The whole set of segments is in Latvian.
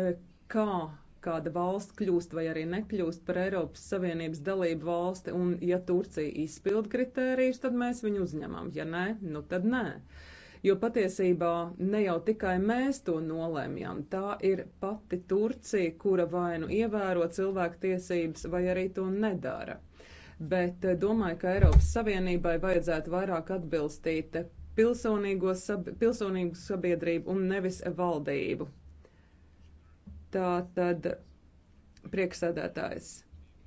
Eh, kā kāda valsts kļūst vai arī nekļūst par Eiropas Savienības dalību valsti, un ja Turcija izpild kritērijus, tad mēs viņu uzņemam, ja nē, nu tad nē. Jo patiesībā ne jau tikai mēs to nolēmjam, tā ir pati Turcija, kura vai nu ievēro cilvēku tiesības, vai arī to nedara. Bet eh, domāju, ka Eiropas Savienībai vajadzētu vairāk atbilstīt eh, pilsonīgo sab pilsonīgu sabiedrību un nevis valdību. Tā tad prieksēdētājs.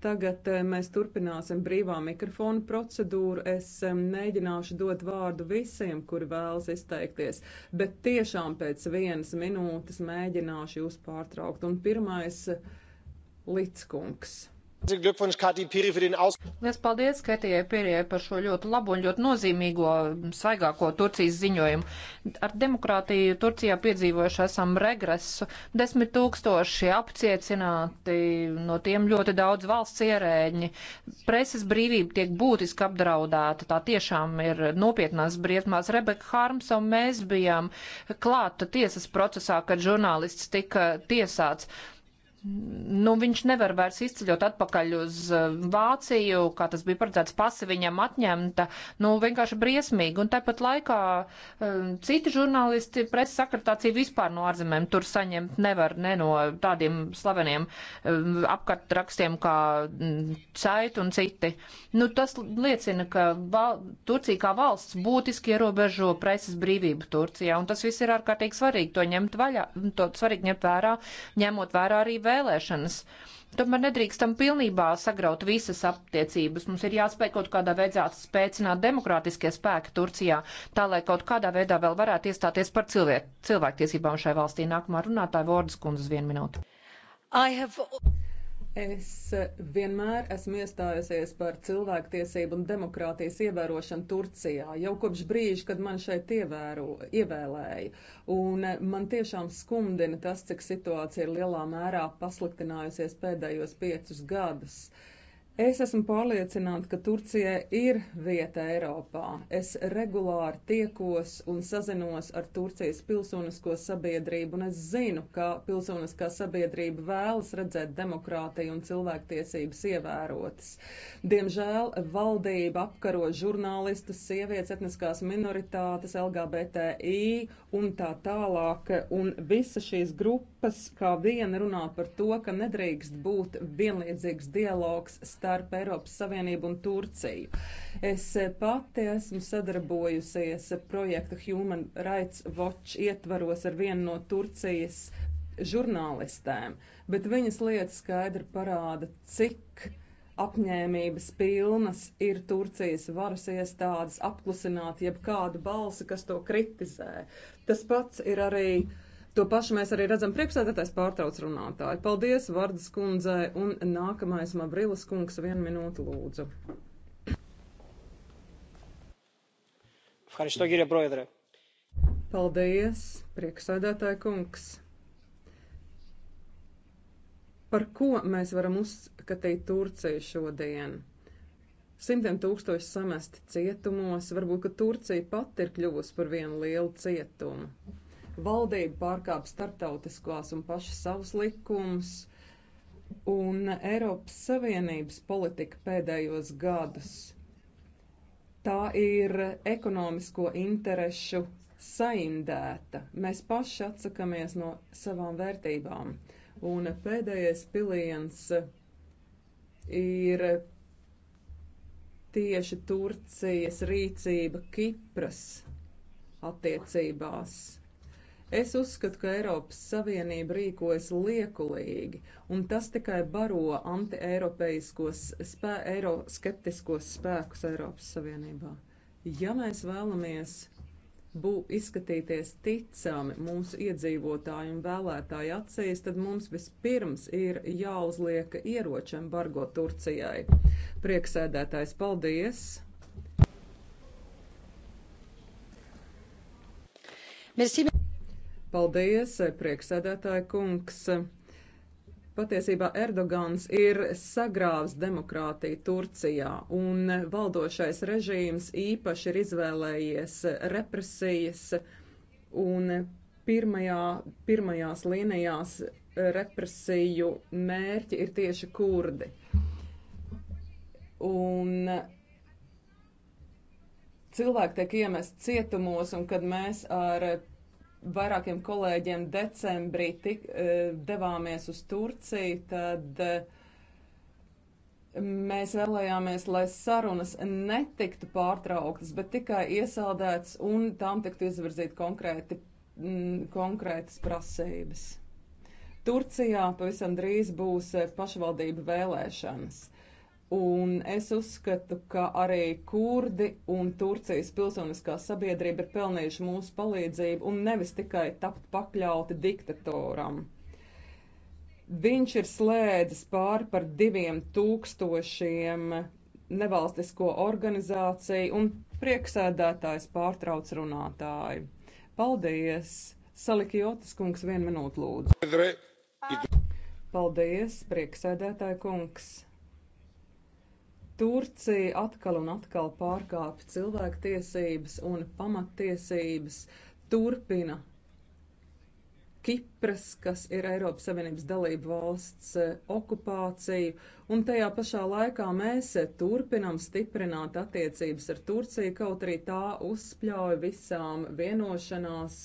Tagad eh, mēs turpināsim brīvā mikrofona procedūru. Es mēģināšu dot vārdu visiem, kuri vēlas izteikties, bet tiešām pēc vienas minūtes mēģināšu jūs pārtraukt. Un pirmais eh, - Lidskungs. Lielas paldies Ketijai Pirijai par šo ļoti labo un ļoti nozīmīgo svaigāko Turcijas ziņojumu. Ar demokrātiju Turcijā piedzīvojuši esam regresu. Desmit tūkstoši apcietināti, no tiem ļoti daudz valsts ierēģi. Preses brīvība tiek būtiski apdraudēta. Tā tiešām ir nopietnās briesmās. Rebeka Harms un mēs bijām klāta tiesas procesā, kad žurnālists tika tiesāts nu, viņš nevar vairs izceļot atpakaļ uz eh, Vāciju, kā tas bija paredzēts, pasi viņam atņemta, nu, vienkārši briesmīgi. Un tāpat laikā um, citi žurnālisti preses akreditāciju vispār no ārzemēm tur saņemt nevar, ne no tādiem slaveniem um, apkartrakstiem kā mm, Cait un citi. Nu, tas liecina, ka val Turcija kā valsts būtiski ierobežo preses brīvību Turcijā, un tas viss ir ārkārtīgi svarīgi to ņemt vaļā, to svarīgi ņemt vērā, ņemot vērā arī vērā vēlēšanas. Tomēr nedrīkstam pilnībā sagraut visas attiecības. Mums ir jāspēj kaut kādā veidā spēcināt demokrātiskie spēki Turcijā, tā lai kaut kādā veidā vēl varētu iestāties par cilvēk, cilvēktiesībām šai valstī. Nākamā runātāja Vordas kundzes vienu minūtu. Have... Es vienmēr esmu iestājusies par cilvēktiesību un demokrātijas ievērošanu Turcijā, jau kopš brīža, kad man šeit ievēro, ievēlēja. Un man tiešām skumdina tas, cik situācija ir lielā mērā pasliktinājusies pēdējos piecus gadus. Uh, Es esmu pārliecināta, ka Turcijai ir vieta Eiropā. Es regulāri tiekos un sazinos ar Turcijas pilsonisko sabiedrību, un es zinu, ka pilsoniskā sabiedrība vēlas redzēt demokrātiju un cilvēktiesības ievērotas. Diemžēl valdība apkaro žurnālistus, sievietes, etniskās minoritātes, LGBTI un tā tālāk, un visa šīs grupas kā viena runā par to, ka nedrīkst būt vienlīdzīgs dialogs starp Eiropas Savienību un Turciju. Es eh, pati esmu sadarbojusies projekta Human Rights Watch ietvaros ar vienu no Turcijas žurnālistēm, bet viņas lietas skaidri parāda, cik apņēmības pilnas ir Turcijas varas iestādes apklusināt jebkādu balsi, kas to kritizē. Tas pats ir arī uh, To pašu mēs arī redzam priekšsēdētājs pārtrauc runātāju. Paldies Vardas kundzei un nākamais Mavrilas kungs vienu minūtu lūdzu. Paldies, priekšsēdētāja kungs. Par ko mēs varam uzskatīt Turciju šodien? Simtiem tūkstoši samesti cietumos, varbūt, ka Turcija pat ir kļuvusi par vienu lielu cietumu valdība pārkāp starptautiskās un pašas savus likumus. Un Eiropas Savienības politika pēdējos gadus tā ir ekonomisko interešu saindēta. Mēs paši atsakamies no savām vērtībām. Un pēdējais piliens ir tieši Turcijas rīcība Kipras attiecībās. Es uzskatu, ka Eiropas Savienība rīkojas liekulīgi, un tas tikai baro anti-eiropeiskos, spē, eiroskeptiskos spēkus Eiropas Savienībā. Ja mēs vēlamies būt izskatīties ticami mūsu iedzīvotāju un vēlētāju acīs, tad mums vispirms ir jāuzliek ieroči embargo Turcijai. Prieksēdētājs, paldies! Merci. Paldies, prieksēdētāja kungs. Patiesībā Erdogans ir sagrāvis demokrātiju Turcijā, un valdošais režīms īpaši ir izvēlējies represijas, un pirmajā, pirmajās līnijās represiju mērķi ir tieši kurdi. Un cilvēki tiek iemest cietumos, un kad mēs ar vairākiem kolēģiem decembrī tik, e, devāmies uz Turciju, tad e, mēs vēlējāmies, lai sarunas netiktu pārtrauktas, bet tikai iesaldētas un tām tiktu izvirzīt konkrēti, m, konkrētas prasības. Turcijā pavisam drīz būs e, pašvaldību vēlēšanas. Un es uzskatu, ka arī kurdi un Turcijas pilsoniskā sabiedrība ir pelnījuši mūsu palīdzību un nevis tikai tapt pakļauti diktatoram. Viņš ir slēdzis pāri par diviem tūkstošiem nevalstisko organizāciju un prieksēdētājs pārtrauc runātāju. Paldies! Salikjotis kungs, vienu minūtu lūdzu. Paldies, prieksēdētāja kungs! Turcija atkal un atkal pārkāpj cilvēktiesības un pamattiesības, turpina Kipras, kas ir Eiropas Savienības dalība valsts eh, okupāciju, un tajā pašā laikā mēs eh, turpinam stiprināt attiecības ar Turciju, kaut arī tā uzspļauj visām vienošanās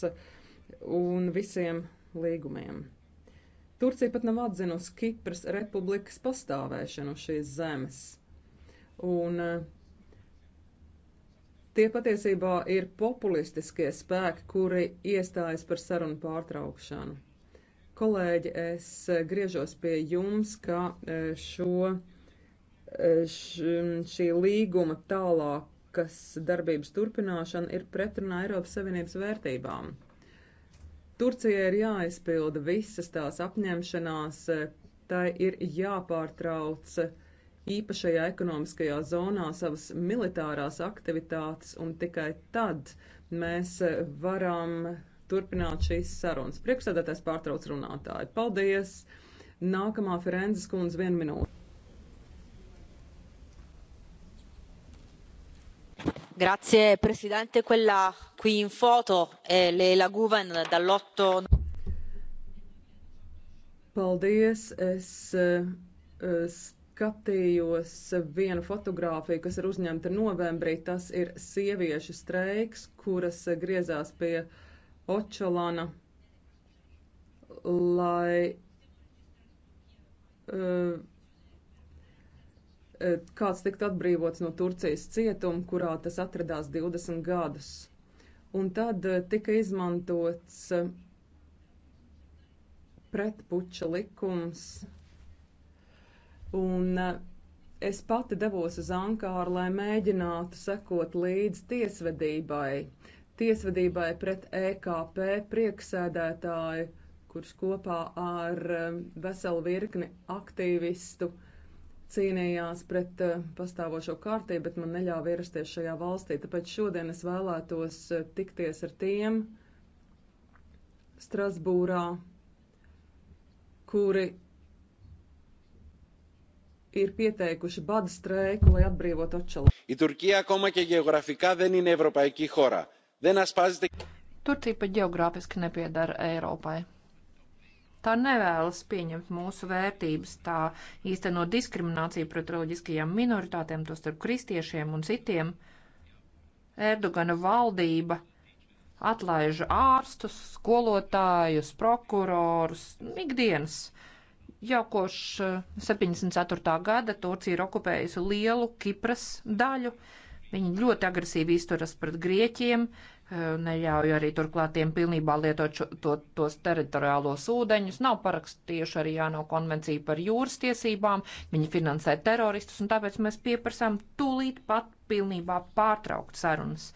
un visiem līgumiem. Turcija pat nav atzinusi Kipras republikas pastāvēšanu šīs zemes. Un eh, tie patiesībā ir populistiskie spēki, kuri iestājas par sarunu pārtraukšanu. Kolēģi, es eh, griežos pie jums, ka eh, šo, š, šī līguma tālākas darbības turpināšana ir pretrunā Eiropas Savienības vērtībām. Turcijai ir jāizpilda visas tās apņemšanās, tai ir jāpārtrauc uh, īpašajā ekonomiskajā zonā savas militārās aktivitātes, un tikai tad mēs eh, varam turpināt šīs sarunas. Priekšsēdētājs pārtrauc runātāju. Paldies! Nākamā Firenzes kundze vienu minūti. Grazie Presidente, quella qui in foto è Leila Guven dall'8. Paldies, es, es eh, skatījos vienu fotogrāfiju, kas ir uzņemta novembrī. Tas ir sieviešu streiks, kuras griezās pie Očelana, lai uh, kāds tiktu atbrīvots no Turcijas cietuma, kurā tas atradās 20 gadus. Un tad eh, tika izmantots pretpuča likums, Un eh, es pati devos uz Ankāru, lai mēģinātu sekot līdz tiesvedībai, tiesvedībai pret EKP prieksēdētāju, kurš kopā ar eh, veselu virkni aktīvistu cīnījās pret eh, pastāvošo kārtību, bet man neļāva ierasties šajā valstī. Tāpēc šodien es vēlētos tikties ar tiem Strasbūrā, kuri ir pieteikuši bada streiku, lai atbrīvotu Očalu. Turcija pat geogrāfiski nepiedara Eiropai. Tā nevēlas pieņemt mūsu vērtības, tā īsteno diskrimināciju pret reliģiskajām minoritātēm, tostarp kristiešiem un citiem. Erdogana valdība atlaiž ārstus, skolotājus, prokurorus, ikdienas uh, Jau kopš 74. Eh, gada Turcija ir okupējusi lielu Kipras daļu. Viņi ļoti agresīvi izturas pret grieķiem, eh, neļauj arī turklāt tiem pilnībā lietot šo, to, tos teritoriālos ūdeņus, nav parakstījuši arī jāno konvenciju par jūras tiesībām, viņi finansē teroristus, un tāpēc mēs pieprasām tūlīt pat pilnībā pārtraukt sarunas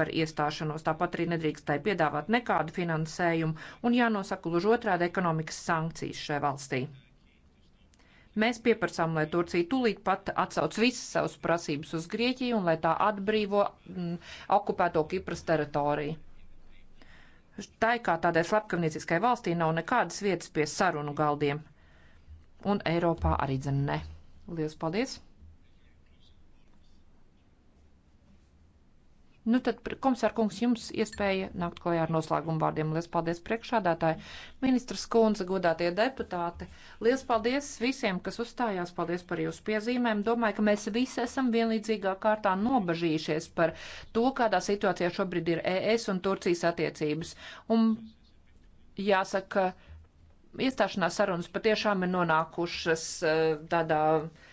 par iestāšanos. Tāpat arī nedrīkst tai piedāvāt nekādu finansējumu un jānosaka uz otrādi ekonomikas sankcijas šai valstī. Mēs pieprasām, lai Turcija tūlīt pat atsauc visas savas prasības uz Grieķiju un lai tā atbrīvo m, mm, okupēto Kipras teritoriju. Tā kā tādai slepkavnieciskai valstī nav nekādas vietas pie sarunu galdiem. Un Eiropā arī dzen ne. Lielas paldies! Nu tad, komisār kungs, jums iespēja nākt klajā ar noslēgumu vārdiem. Lielas paldies priekšādātāji, ministras kundze, godātie deputāti. Lielas paldies visiem, kas uzstājās. Paldies par jūsu piezīmēm. Domāju, ka mēs visi esam vienlīdzīgā kārtā nobažījušies par to, kādā situācijā šobrīd ir ES un Turcijas attiecības. Un jāsaka, iestāšanās sarunas patiešām ir nonākušas eh, tādā. Uh,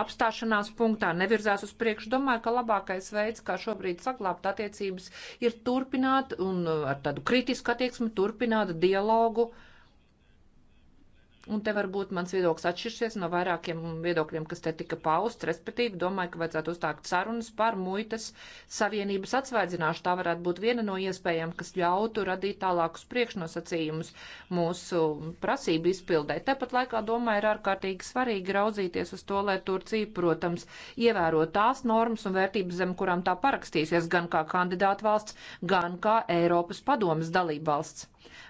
apstāšanās punktā, nevirzās uz priekšu. Domāju, ka labākais veids, kā šobrīd saglabāt attiecības, ir turpināt un uh, ar tādu kritisku attieksmi turpināt dialogu Un te varbūt mans viedoklis atšķirsies no vairākiem viedokļiem, kas te tika paust, respektīvi domāju, ka vajadzētu uzstākt sarunas par muitas savienības atsvaidzināšanu. Tā varētu būt viena no iespējām, kas ļautu radīt tālākus priekšnosacījumus mūsu prasību izpildē. Tāpat laikā, domāju, ir ārkārtīgi svarīgi raudzīties uz to, lai Turcija, protams, ievēro tās normas un vērtības, zem kurām tā parakstīsies gan kā kandidāta valsts, gan kā Eiropas padomas dalība valsts.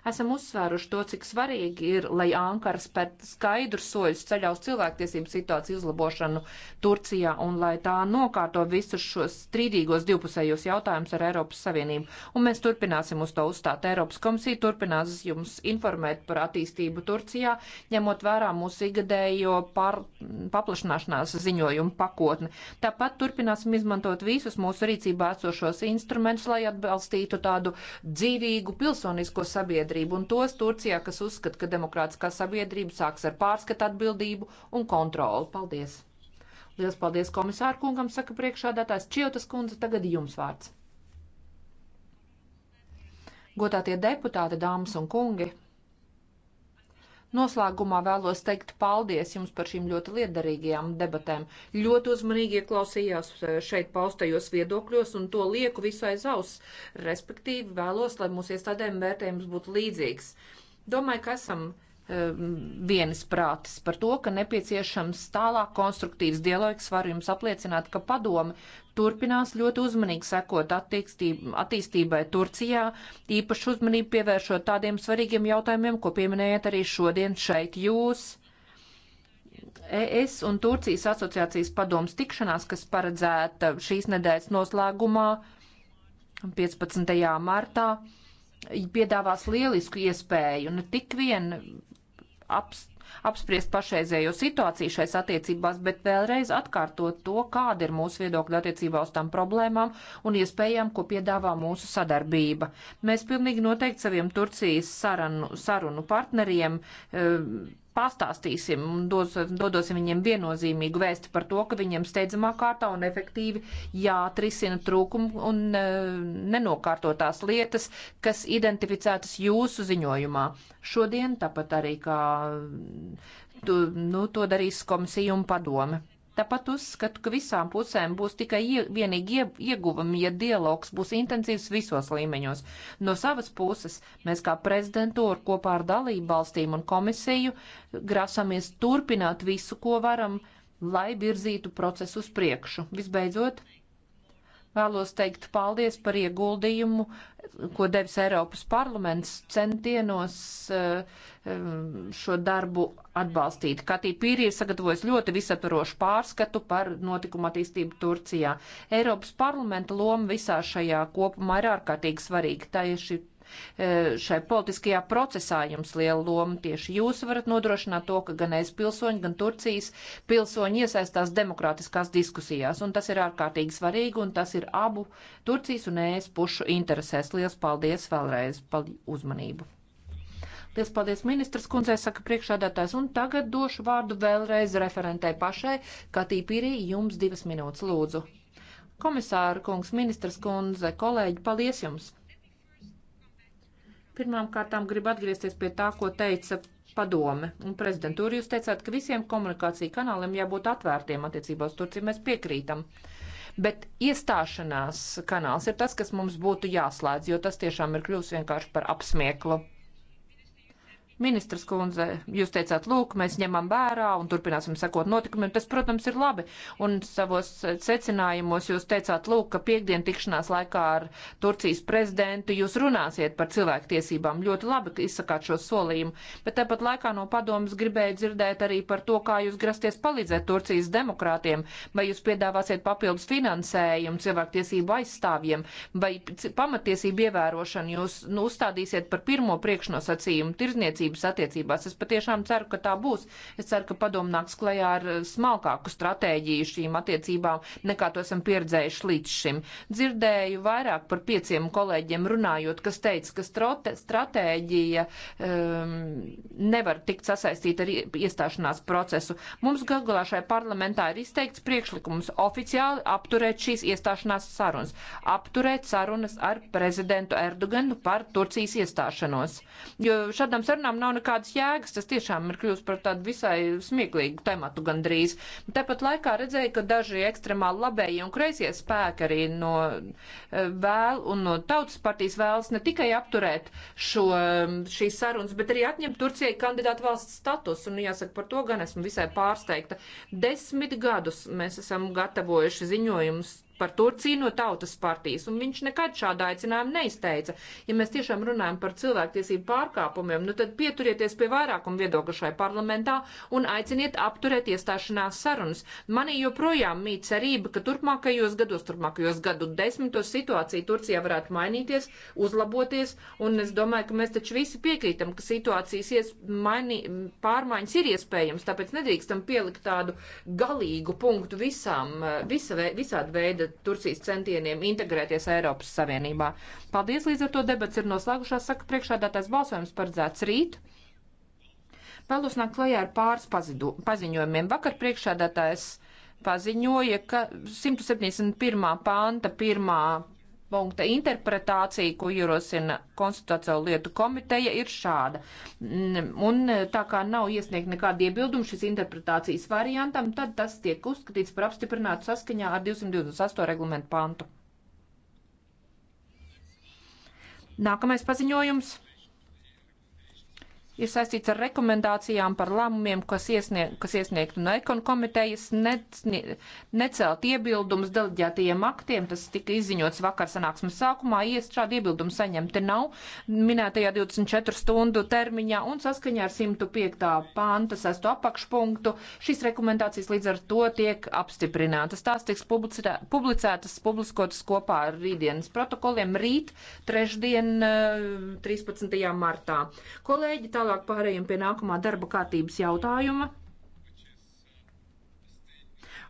Esam uzsvēruši to, cik svarīgi ir, lai Ankara spēr skaidru soļus ceļā uz cilvēktiesību situāciju uzlabošanu Turcijā un lai tā nokārto visus šos strīdīgos divpusējos jautājumus ar Eiropas Savienību. Un mēs turpināsim uz to uzstāt. Eiropas komisija turpinās jums informēt par attīstību Turcijā, ņemot vērā mūsu igadējo par, paplašanāšanās ziņojumu pakotni. Tāpat turpināsim izmantot visus mūsu rīcībā esošos instrumentus, lai atbalstītu tādu dzīvīgu pilsonisko sabiedrību sabiedrību un tos Turcijā, kas uzskata, ka demokrātiskā sabiedrība sāks ar pārskatu atbildību un kontroli. Paldies! Lielas paldies komisāru kungam, saka priekšādātājs Čiotas kundze, tagad jums vārds. Gotātie deputāti, dāmas un kungi! Noslēgumā vēlos teikt paldies jums par šīm ļoti liederīgajām debatēm. Ļoti uzmanīgi ieklausījās eh, šeit paustajos viedokļos un to lieku visu aiz auss. Respektīvi vēlos, lai mūsu iestādēm vērtējums būtu līdzīgs. Domāju, ka esam um, ehm, vienas prātas par to, ka nepieciešams tālāk konstruktīvs dialogs. Varu jums apliecināt, ka padome turpinās ļoti uzmanīgi sekot attīstībai Turcijā, īpaši uzmanību pievēršot tādiem svarīgiem jautājumiem, ko pieminējat arī šodien šeit jūs. ES un Turcijas asociācijas padomas tikšanās, kas paredzēta šīs nedēļas noslēgumā, 15. martā, piedāvās lielisku iespēju ne tik vien apst apspriest pašreizējo situāciju šais attiecībās, bet vēlreiz atkārtot to, kāda ir mūsu viedokļa attiecībā uz tām problēmām un iespējām, ko piedāvā mūsu sadarbība. Mēs pilnīgi noteikti saviem Turcijas sarunu, sarunu partneriem. E, pastāstīsim un dos, dodosim viņiem viennozīmīgu vēstu par to, ka viņiem steidzamā kārtā un efektīvi jāatrisina trūkumu un e, nenokārtotās lietas, kas identificētas jūsu ziņojumā. Šodien tāpat arī kā tu, nu, to darīs komisija un padome. Tāpat uzskatu, ka visām pusēm būs tikai ie, vienīgi ie, ieguvumi, ja dialogs būs intensīvs visos līmeņos. No savas puses mēs kā prezidentūra kopā ar dalību valstīm un komisiju grasamies turpināt visu, ko varam, lai virzītu procesu uz priekšu. Visbeidzot, Vēlos teikt paldies par ieguldījumu, ko devis Eiropas parlaments centienos eh, eh, šo darbu atbalstīt. Katī Pīrī ir sagatavojis ļoti visaturošu pārskatu par notikumu attīstību Turcijā. Eiropas parlamenta loma visā šajā kopumā ir ārkārtīgi svarīga. Tā ir šī E, šai politiskajā procesā jums liela loma. Tieši jūs varat nodrošināt to, ka gan es pilsoņi, gan Turcijas pilsoņi iesaistās demokrātiskās diskusijās. Un tas ir ārkārtīgi svarīgi, un tas ir abu Turcijas un es pušu interesēs. Lielas paldies vēlreiz par uzmanību. Lielas paldies ministras kundzei, saka priekšādātājs, un tagad došu vārdu vēlreiz referentē pašai, kā tīpīrī jums divas minūtes lūdzu. Komisāra kungs, ministras kundze, kolēģi, paldies jums! Pirmām kārtām gribu atgriezties pie tā, ko teica padome un prezidentūra. Jūs teicāt, ka visiem komunikāciju kanāliem jābūt atvērtiem attiecībā uz Turciju. Mēs piekrītam. Bet iestāšanās kanāls ir tas, kas mums būtu jāslēdz, jo tas tiešām ir kļūst vienkārši par apsmieklu. Ministras kundze, jūs teicāt, lūk, mēs ņemam vērā un turpināsim sekot notikumiem. Tas, protams, ir labi. Un savos secinājumos jūs teicāt, lūk, ka piekdien tikšanās laikā ar Turcijas prezidentu jūs runāsiet par cilvēktiesībām. Ļoti labi, ka izsakāt šo solījumu. Bet tāpat laikā no padomas gribēju dzirdēt arī par to, kā jūs grasties palīdzēt Turcijas demokrātiem. Vai jūs piedāvāsiet papildus finansējumu cilvēktiesību aizstāvjiem? Vai pamatiesību ievērošanu jūs nu, uzstādīsiet par pirmo priekšnosacījumu tirzniecību? tirzniecības attiecībās. Es patiešām ceru, ka tā būs. Es ceru, ka padomu nāks klajā ar eh, smalkāku stratēģiju šīm attiecībām, nekā to esam pieredzējuši līdz šim. Dzirdēju vairāk par pieciem kolēģiem runājot, kas teica, ka strote, stratēģija um, nevar tikt sasaistīta ar iestāšanās procesu. Mums galā šai parlamentā ir izteikts priekšlikums oficiāli apturēt šīs iestāšanās sarunas, apturēt sarunas ar prezidentu Erdoganu par Turcijas iestāšanos. Jo šādām sarunām nav nekādas jēgas. Tas tiešām ir kļūst par tādu visai smieklīgu tematu gandrīz. Tāpat laikā redzēju, ka daži ekstremāli labējie un kreisie spēki arī no eh, vēl un no tautas partijas vēlas ne tikai apturēt šo, mm, šīs sarunas, bet arī atņemt Turcijai kandidātu valsts status. Un jāsaka, par to gan esmu visai pārsteigta. Desmit gadus mēs esam gatavojuši ziņojumus par Turciju no tautas partijas, un viņš nekad šādu aicinājumu neizteica. Ja mēs tiešām runājam par cilvēktiesību pārkāpumiem, nu tad pieturieties pie vairākuma viedokļa šai parlamentā un aiciniet apturēt iestāšanās sarunas. Manī joprojām mīt cerība, ka turpmākajos gados, turpmākajos gadu desmitos situācija Turcijā varētu mainīties, uzlaboties, un es domāju, ka mēs taču visi piekrītam, ka situācijas ies, maini, pārmaiņas ir iespējams, tāpēc nedrīkstam pielikt tādu galīgu punktu visām, visa, visāda veida Turcijas centieniem integrēties Eiropas Savienībā. Paldies, līdz ar to debats ir noslēgušās, saka priekšādātais balsojums paredzēts rīt. Vēlos nākt klajā ar pāris pazidu, paziņojumiem. Vakar priekšādātājs paziņoja, ka 171. panta pirmā punkta interpretācija, ko ierosina konstitucionālo lietu komiteja, ir šāda. Un e, tā kā nav iesniegt nekādi iebildumi šis interpretācijas variantam, tad tas tiek uzskatīts par apstiprinātu saskaņā ar 228 reglamentu pantu. Nākamais paziņojums ir saistīts ar rekomendācijām par lēmumiem, kas, iesnieg, kas iesniegt no ekonu komitejas ne, necelt iebildumus deleģētajiem aktiem. Tas tika izziņots vakar sanāksmes sākumā. Ies šādi iebildumi saņemti nav minētajā 24 stundu termiņā un saskaņā ar 105. panta 6. apakšpunktu. Šīs rekomendācijas līdz ar to tiek apstiprinātas. Tās tiks publicitā, publicētas, publiskotas kopā ar rītdienas protokoliem rīt, trešdien, 13. Eh, martā. Kolēģi, tālāk tālāk pārējiem pie nākamā darba kārtības jautājuma.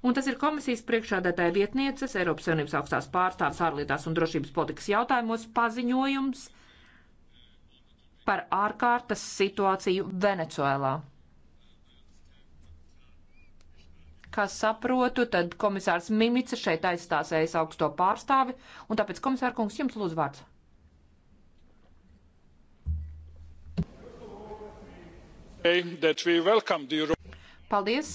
Un tas ir komisijas priekšādētāja vietnieces Eiropas Savienības augstās pārstāvs ārlietās un drošības politikas jautājumos paziņojums par ārkārtas situāciju Venecuēlā. Kā saprotu, tad komisārs Mimica šeit aizstāsējas augsto pārstāvi, un tāpēc komisāra kungs jums lūdzu vārds. Paldies!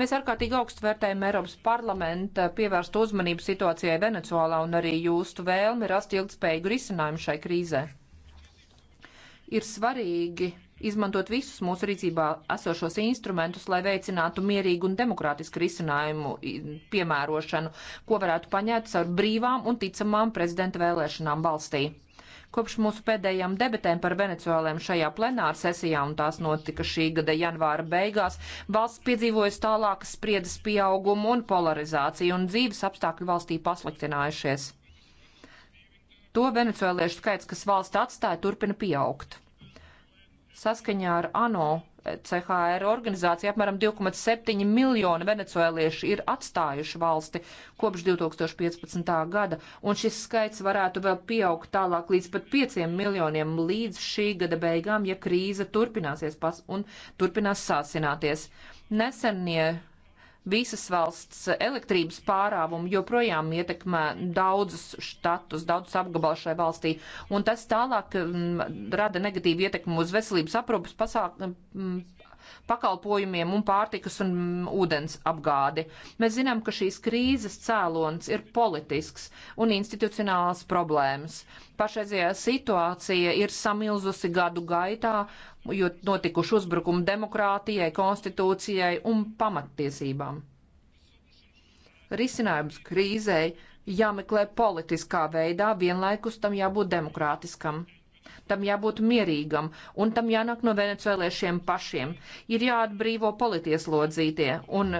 Mēs ārkārtīgi augstu vērtējam Eiropas parlamenta pievērstu uzmanību situācijai Venecuālā un arī jūsu vēlmi rast ilgspējīgu risinājumu šai krīzē. Ir svarīgi izmantot visus mūsu rīcībā esošos instrumentus, lai veicinātu mierīgu un demokrātisku risinājumu piemērošanu, ko varētu paņemt ar brīvām un ticamām prezidenta vēlēšanām valstī. Kopš mūsu pēdējām debatēm par Venecuēliem šajā plenāra sesijā, un tās notika šī gada janvāra beigās, valsts piedzīvojas tālākas spriedzes pieaugumu un polarizāciju, un dzīves apstākļi valstī pasliktinājušies. To venecuēliešu skaits, kas valsts atstāja, turpina pieaugt. Saskaņā ar ANO eh, CHR organizācija apmēram 2,7 miljoni venecuēlieši ir atstājuši valsti kopš 2015. gada, un šis skaits varētu vēl pieaugt tālāk līdz pat 5 miljoniem līdz šī gada beigām, ja krīze turpināsies pas un turpinās sāsināties. Nesenie visas valsts elektrības pārāvumu joprojām ietekmē daudzus štatus, daudzus apgabalus šai valstī, un tas tālāk mm, rada negatīvu ietekmu uz veselības aprūpas pasāk, pakalpojumiem un pārtikas un ūdens apgādi. Mēs zinām, ka šīs krīzes cēlons ir politisks un institucionāls problēmas. Pašreizējā situācija ir samilzusi gadu gaitā, jo notikuši uzbrukumi demokrātijai, konstitūcijai un pamattiesībām. Risinājums krīzei jāmeklē politiskā veidā, vienlaikus tam jābūt demokrātiskam tam jābūt mierīgam, un tam jānāk no venecuēliešiem pašiem. Ir jāatbrīvo politieslodzītie, un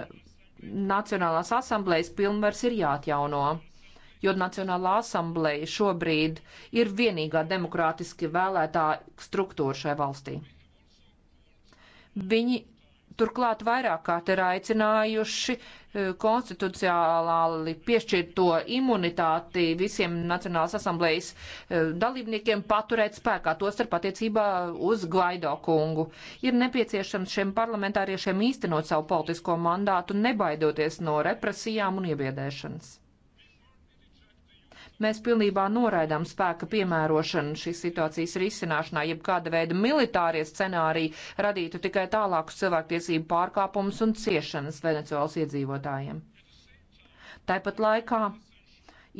Nacionālās asamblējas pilnvars ir jāatjauno, jo Nacionālā asambleja šobrīd ir vienīgā demokrātiski vēlētā struktūra šai valstī. Viņi Turklāt vairāk kārt ir aicinājuši e, konstitucionāli piešķirto imunitāti visiem Nacionālas asamblējas e, dalībniekiem paturēt spēkā, tostarp attiecībā uz Gvaido kungu. Ir nepieciešams šiem parlamentāriešiem īstenot savu politisko mandātu, nebaidoties no represijām un iebiedēšanas. Mēs pilnībā noraidām spēka piemērošanu šīs situācijas risināšanā, jeb kāda veida militārie scenāriji radītu tikai tālākus cilvēktiesību pārkāpumus un ciešanas Venecuēlas iedzīvotājiem. Tāpat laikā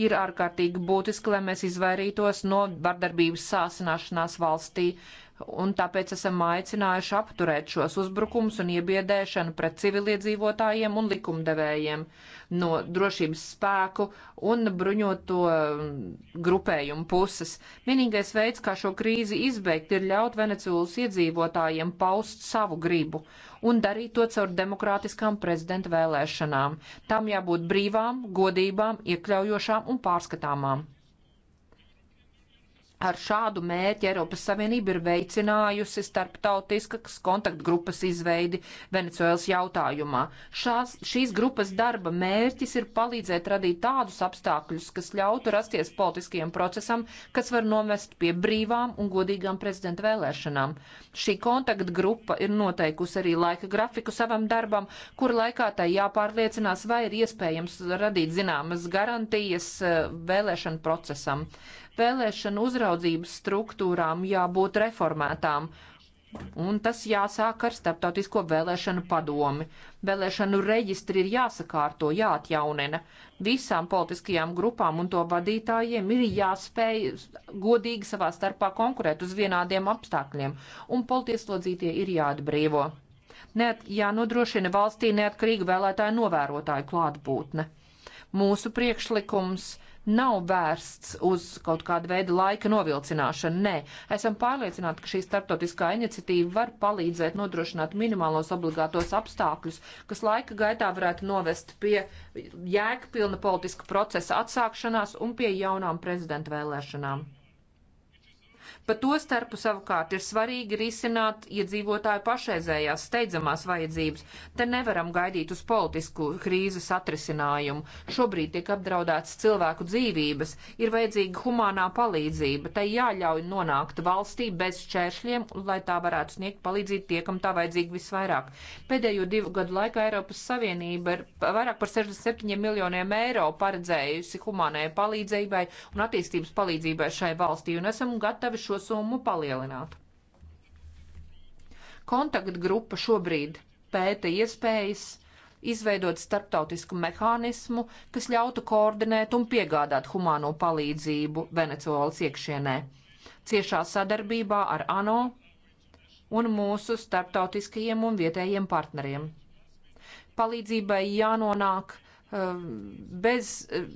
ir ārkārtīgi būtiski, lai mēs izvairītos no vardarbības sāsināšanās valstī, uh, un tāpēc esam aicinājuši apturēt šos uzbrukums un iebiedēšanu pret civiliedzīvotājiem un likumdevējiem no drošības spēku un bruņoto grupējumu puses. Vienīgais veids, kā šo krīzi izbeigt, ir ļaut Venecijas iedzīvotājiem paust savu gribu un darīt to caur demokrātiskām prezidenta vēlēšanām. Tām jābūt brīvām, godībām, iekļaujošām un pārskatāmām. Ar šādu mērķi Eiropas Savienība ir veicinājusi starptautiskas kontaktgrupas izveidi Venecuēlas jautājumā. Šās, šīs grupas darba mērķis ir palīdzēt radīt tādus apstākļus, kas ļautu rasties politiskajam procesam, kas var novest pie brīvām un godīgām prezidenta vēlēšanām. Šī kontaktgrupa ir noteikusi arī laika grafiku savam darbam, kur laikā tai jāpārliecinās, vai ir iespējams radīt zināmas garantijas eh, vēlēšanu procesam. Vēlēšana uzraudzības struktūrām jābūt reformētām. Un tas jāsāk ar starptautisko vēlēšanu padomi. Vēlēšanu reģistri ir jāsakārto, jāatjaunina. Visām politiskajām grupām un to vadītājiem ir jāspēj godīgi savā starpā konkurēt uz vienādiem apstākļiem, un politieslodzītie ir jāatbrīvo. Neat, jānodrošina valstī neatkarīga vēlētāja novērotāja klātbūtne. Mūsu priekšlikums nav vērsts uz kaut kādu veidu laika novilcināšanu. Nē, esam pārliecināti, ka šī starptautiskā iniciatīva var palīdzēt nodrošināt minimālos obligātos apstākļus, kas laika gaitā varētu novest pie jēgpilna politiska procesa atsākšanās un pie jaunām prezidenta vēlēšanām. Pa to starpu savukārt ir svarīgi risināt iedzīvotāju pašreizējās steidzamās vajadzības. Te nevaram gaidīt uz politisku krīzes atrisinājumu. Šobrīd tiek apdraudēts cilvēku dzīvības, ir vajadzīga humānā palīdzība, tai jāļauj nonākt valstī bez šķēršļiem, lai tā varētu sniegt palīdzību tie, kam tā vajadzīga visvairāk. Pēdējo divu gadu laikā Eiropas Savienība ir vairāk par 67 miljoniem eiro paredzējusi humānai palīdzībai un attīstības palīdzībai šai valstī, un esam gatavi gatavi šo summu palielināt. Kontaktgrupa šobrīd pēta iespējas izveidot starptautisku mehānismu, kas ļautu koordinēt un piegādāt humāno palīdzību Venecuēlas iekšienē, ciešā sadarbībā ar ANO un mūsu starptautiskajiem un vietējiem partneriem. Palīdzībai jānonāk eh, bez, eh,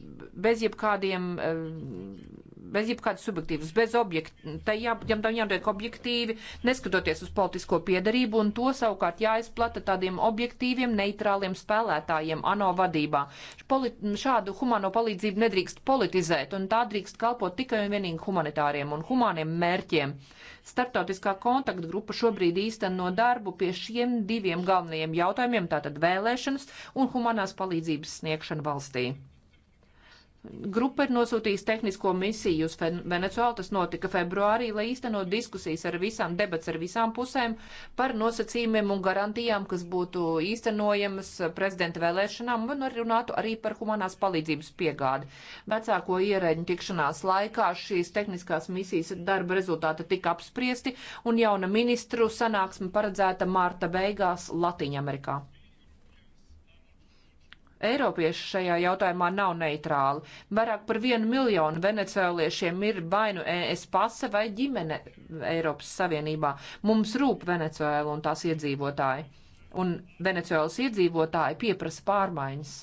bez jebkādiem eh, bez jebkādas subjektīvas, bez objekta, tai jā, tam jātiek objektīvi, neskatoties uz politisko piedarību, un to savukārt jāizplata tādiem objektīviem, neitrāliem spēlētājiem ANO vadībā. Polit, šādu humano palīdzību nedrīkst politizēt, un tā drīkst kalpot tikai un vienīgi humanitāriem un humāniem mērķiem. Startautiskā kontaktgrupa šobrīd īsteno darbu pie šiem diviem galvenajiem jautājumiem - tātad vēlēšanas un humanās palīdzības sniegšana valstī. Grupa ir nosūtījusi tehnisko misiju uz Venecuālu, tas notika februārī, lai īstenot diskusijas ar visām, debats ar visām pusēm par nosacījumiem un garantijām, kas būtu īstenojamas prezidenta vēlēšanām, un runātu arī par humanās palīdzības piegādi. Vecāko ierēģu tikšanās laikā šīs tehniskās misijas darba rezultāti tika apspriesti, un jauna ministru sanāksme paredzēta mārta beigās Latīņamerikā. Eiropieši šajā jautājumā nav neitrāli. Vairāk par vienu miljonu venecuēliešiem ir vai nu ES pase vai ģimene Eiropas Savienībā. Mums rūp Venecuēla un tās iedzīvotāji. Un Venecuēlas iedzīvotāji pieprasa pārmaiņas.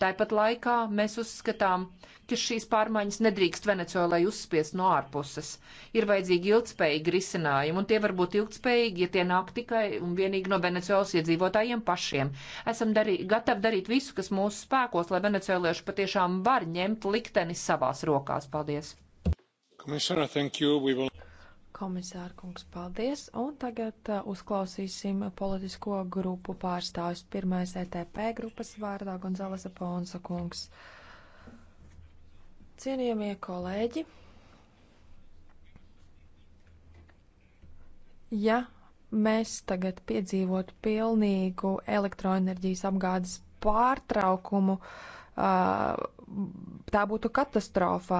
Tāpat laikā mēs uzskatām, ka šīs pārmaiņas nedrīkst Venecijolai uzspiest no ārpuses. Ir vajadzīgi ilgspējīgi risinājumi, un tie var būt ilgspējīgi, ja tie nāk tikai un vienīgi no Venecijolas iedzīvotājiem pašiem. Esam darī, gatavi darīt visu, kas mūsu spēkos, lai veneciolieši patiešām var ņemt likteni savās rokās. Paldies! Komisāra, thank you. We will... Komisāra kungs, paldies. Un tagad uh, uzklausīsim politisko grupu pārstāvis. Pirmais ETP grupas vārdā Gonzales Aponsa kungs. Cienījamie kolēģi, ja mēs tagad piedzīvotu pilnīgu elektroenerģijas apgādes pārtraukumu, uh, tā būtu katastrofa.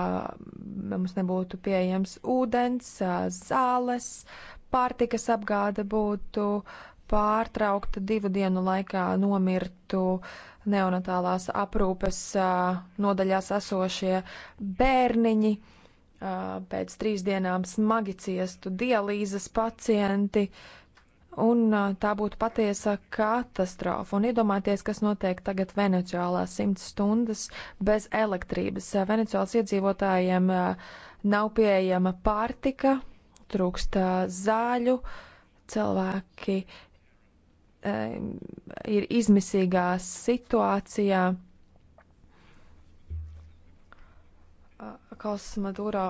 Mums nebūtu pieejams ūdens, zāles, pārtikas apgāde būtu pārtraukta divu dienu laikā nomirtu neonatālās aprūpes nodaļās esošie bērniņi. Pēc trīs dienām smagi ciestu dialīzes pacienti, uh, Un tā būtu patiesa katastrofa. Un iedomājieties, kas notiek tagad Venecijālā - simts stundas bez elektrības. Venecijālas iedzīvotājiem nav pieejama pārtika, trūkst zāļu, cilvēki e, ir izmisīgā situācijā. Kalsas Maduro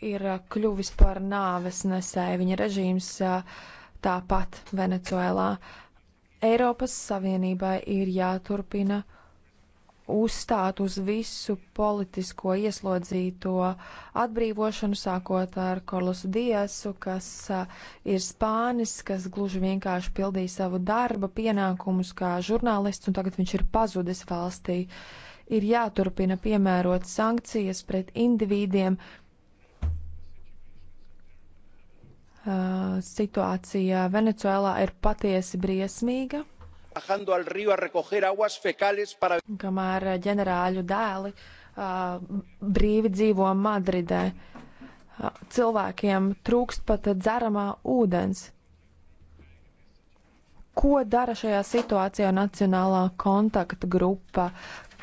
ir kļuvis par nāves nesēju. Viņa režīms uh, tāpat Venecuēlā. Eiropas Savienībai ir jāturpina uzstāt uz visu politisko ieslodzīto atbrīvošanu, sākot ar Korlusu Diesu, kas ir spānis, kas gluži vienkārši pildīja savu darba pienākumus kā žurnālists, un tagad viņš ir pazudis valstī. Ir jāturpina piemērot sankcijas pret individiem, uh, Uh, situācija Venecuēlā ir patiesi briesmīga. Kamēr ģenerāļu dēli uh, brīvi dzīvo Madridē, uh, cilvēkiem trūkst pat dzeramā ūdens. Ko dara šajā situācijā Nacionālā kontakta grupa?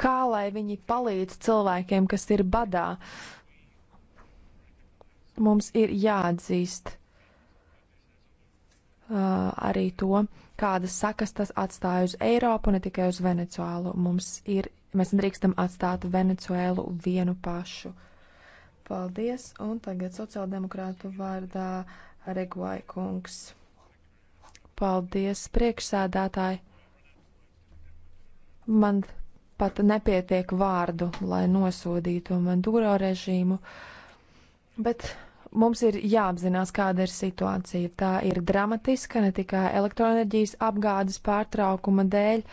Kā lai viņi palīdz cilvēkiem, kas ir badā? Mums ir jāatzīst arī to, kādas sakas tas atstāja uz Eiropu, ne tikai uz Venecuēlu. Mums ir, mēs nedrīkstam atstāt Venecuēlu vienu pašu. Paldies, un tagad sociāldemokrātu vārdā Reguai kungs. Paldies, priekšsēdētāji. Man pat nepietiek vārdu, lai nosodītu Maduro režīmu, bet Mums ir jāapzinās, kāda ir situācija. Tā ir dramatiska ne tikai elektroenerģijas apgādes pārtraukuma dēļ,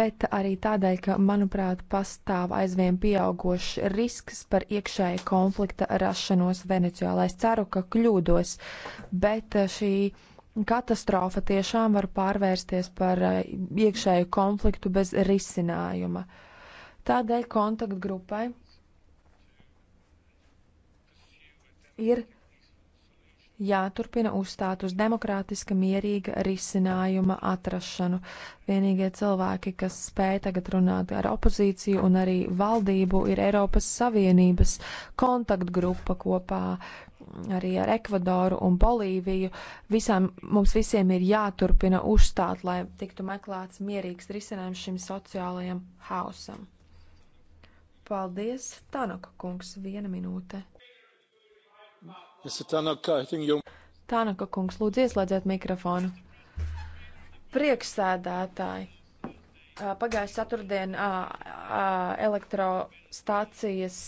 bet arī tādēļ, ka, manuprāt, pastāv aizvien pieaugošs risks par iekšēja konflikta rašanos Venecijā. Es ceru, ka kļūdos, bet šī katastrofa tiešām var pārvērsties par eh, iekšēju konfliktu bez risinājuma. Tādēļ kontaktgrupai ir jāturpina uzstāt uz demokrātiska, mierīga risinājuma atrašanu. Vienīgie cilvēki, kas spēj tagad runāt ar opozīciju un arī valdību, ir Eiropas Savienības kontaktgrupa kopā arī ar Ekvadoru un Bolīviju. Visām, mums visiem ir jāturpina uzstāt, lai tiktu meklēts mierīgs risinājums šim sociālajam hausam. Paldies, Tanaka kungs, viena minūte. Tānaka kungs, lūdzu, ieslēdziet mikrofonu. Priekšsēdētāji, pagājušā ceturtdiena elektrostacijas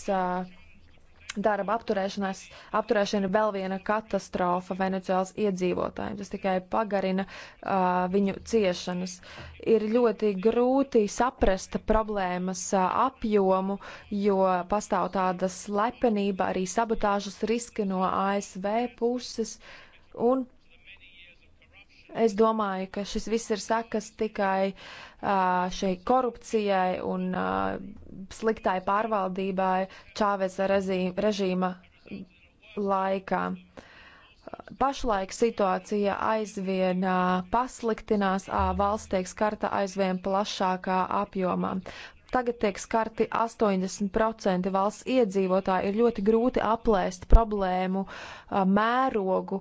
darba apturēšanās, apturēšana ir vēl viena katastrofa Venecijas iedzīvotājiem. Tas tikai pagarina uh, viņu ciešanas. Ir ļoti grūti saprast problēmas uh, apjomu, jo pastāv tāda slepenība, arī sabotāžas riski no ASV puses. Un Es domāju, ka šis viss ir sakas tikai uh, šai korupcijai un uh, sliktai pārvaldībai Čāvesa režīma laikā. Pašlaik situācija aizvien uh, pasliktinās, uh, valsts tiek skarta aizvien plašākā apjomā tagad tiek skarti 80% valsts iedzīvotāji, ir ļoti grūti aplēst problēmu mērogu.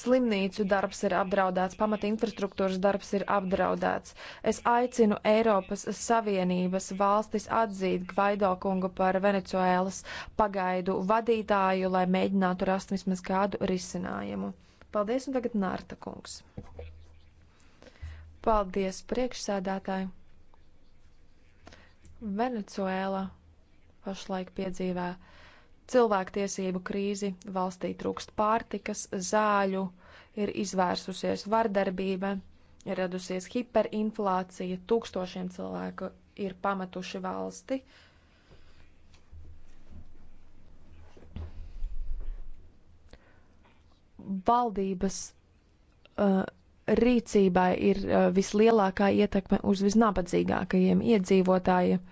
Slimnīcu darbs ir apdraudēts, pamata infrastruktūras darbs ir apdraudēts. Es aicinu Eiropas Savienības valstis atzīt Gvaido kungu par Venecuēlas pagaidu vadītāju, lai mēģinātu rast vismaz kādu risinājumu. Paldies, un tagad Nārta kungs. Paldies, priekšsēdētāji! Venecuēla pašlaik piedzīvē cilvēktiesību krīzi, valstī trūkst pārtikas, zāļu, ir izvērsusies vardarbība, ir radusies hiperinflācija, tūkstošiem cilvēku ir pametuši valsti. Valdības uh, rīcībai ir eh, vislielākā ietekme uz visnabadzīgākajiem iedzīvotājiem.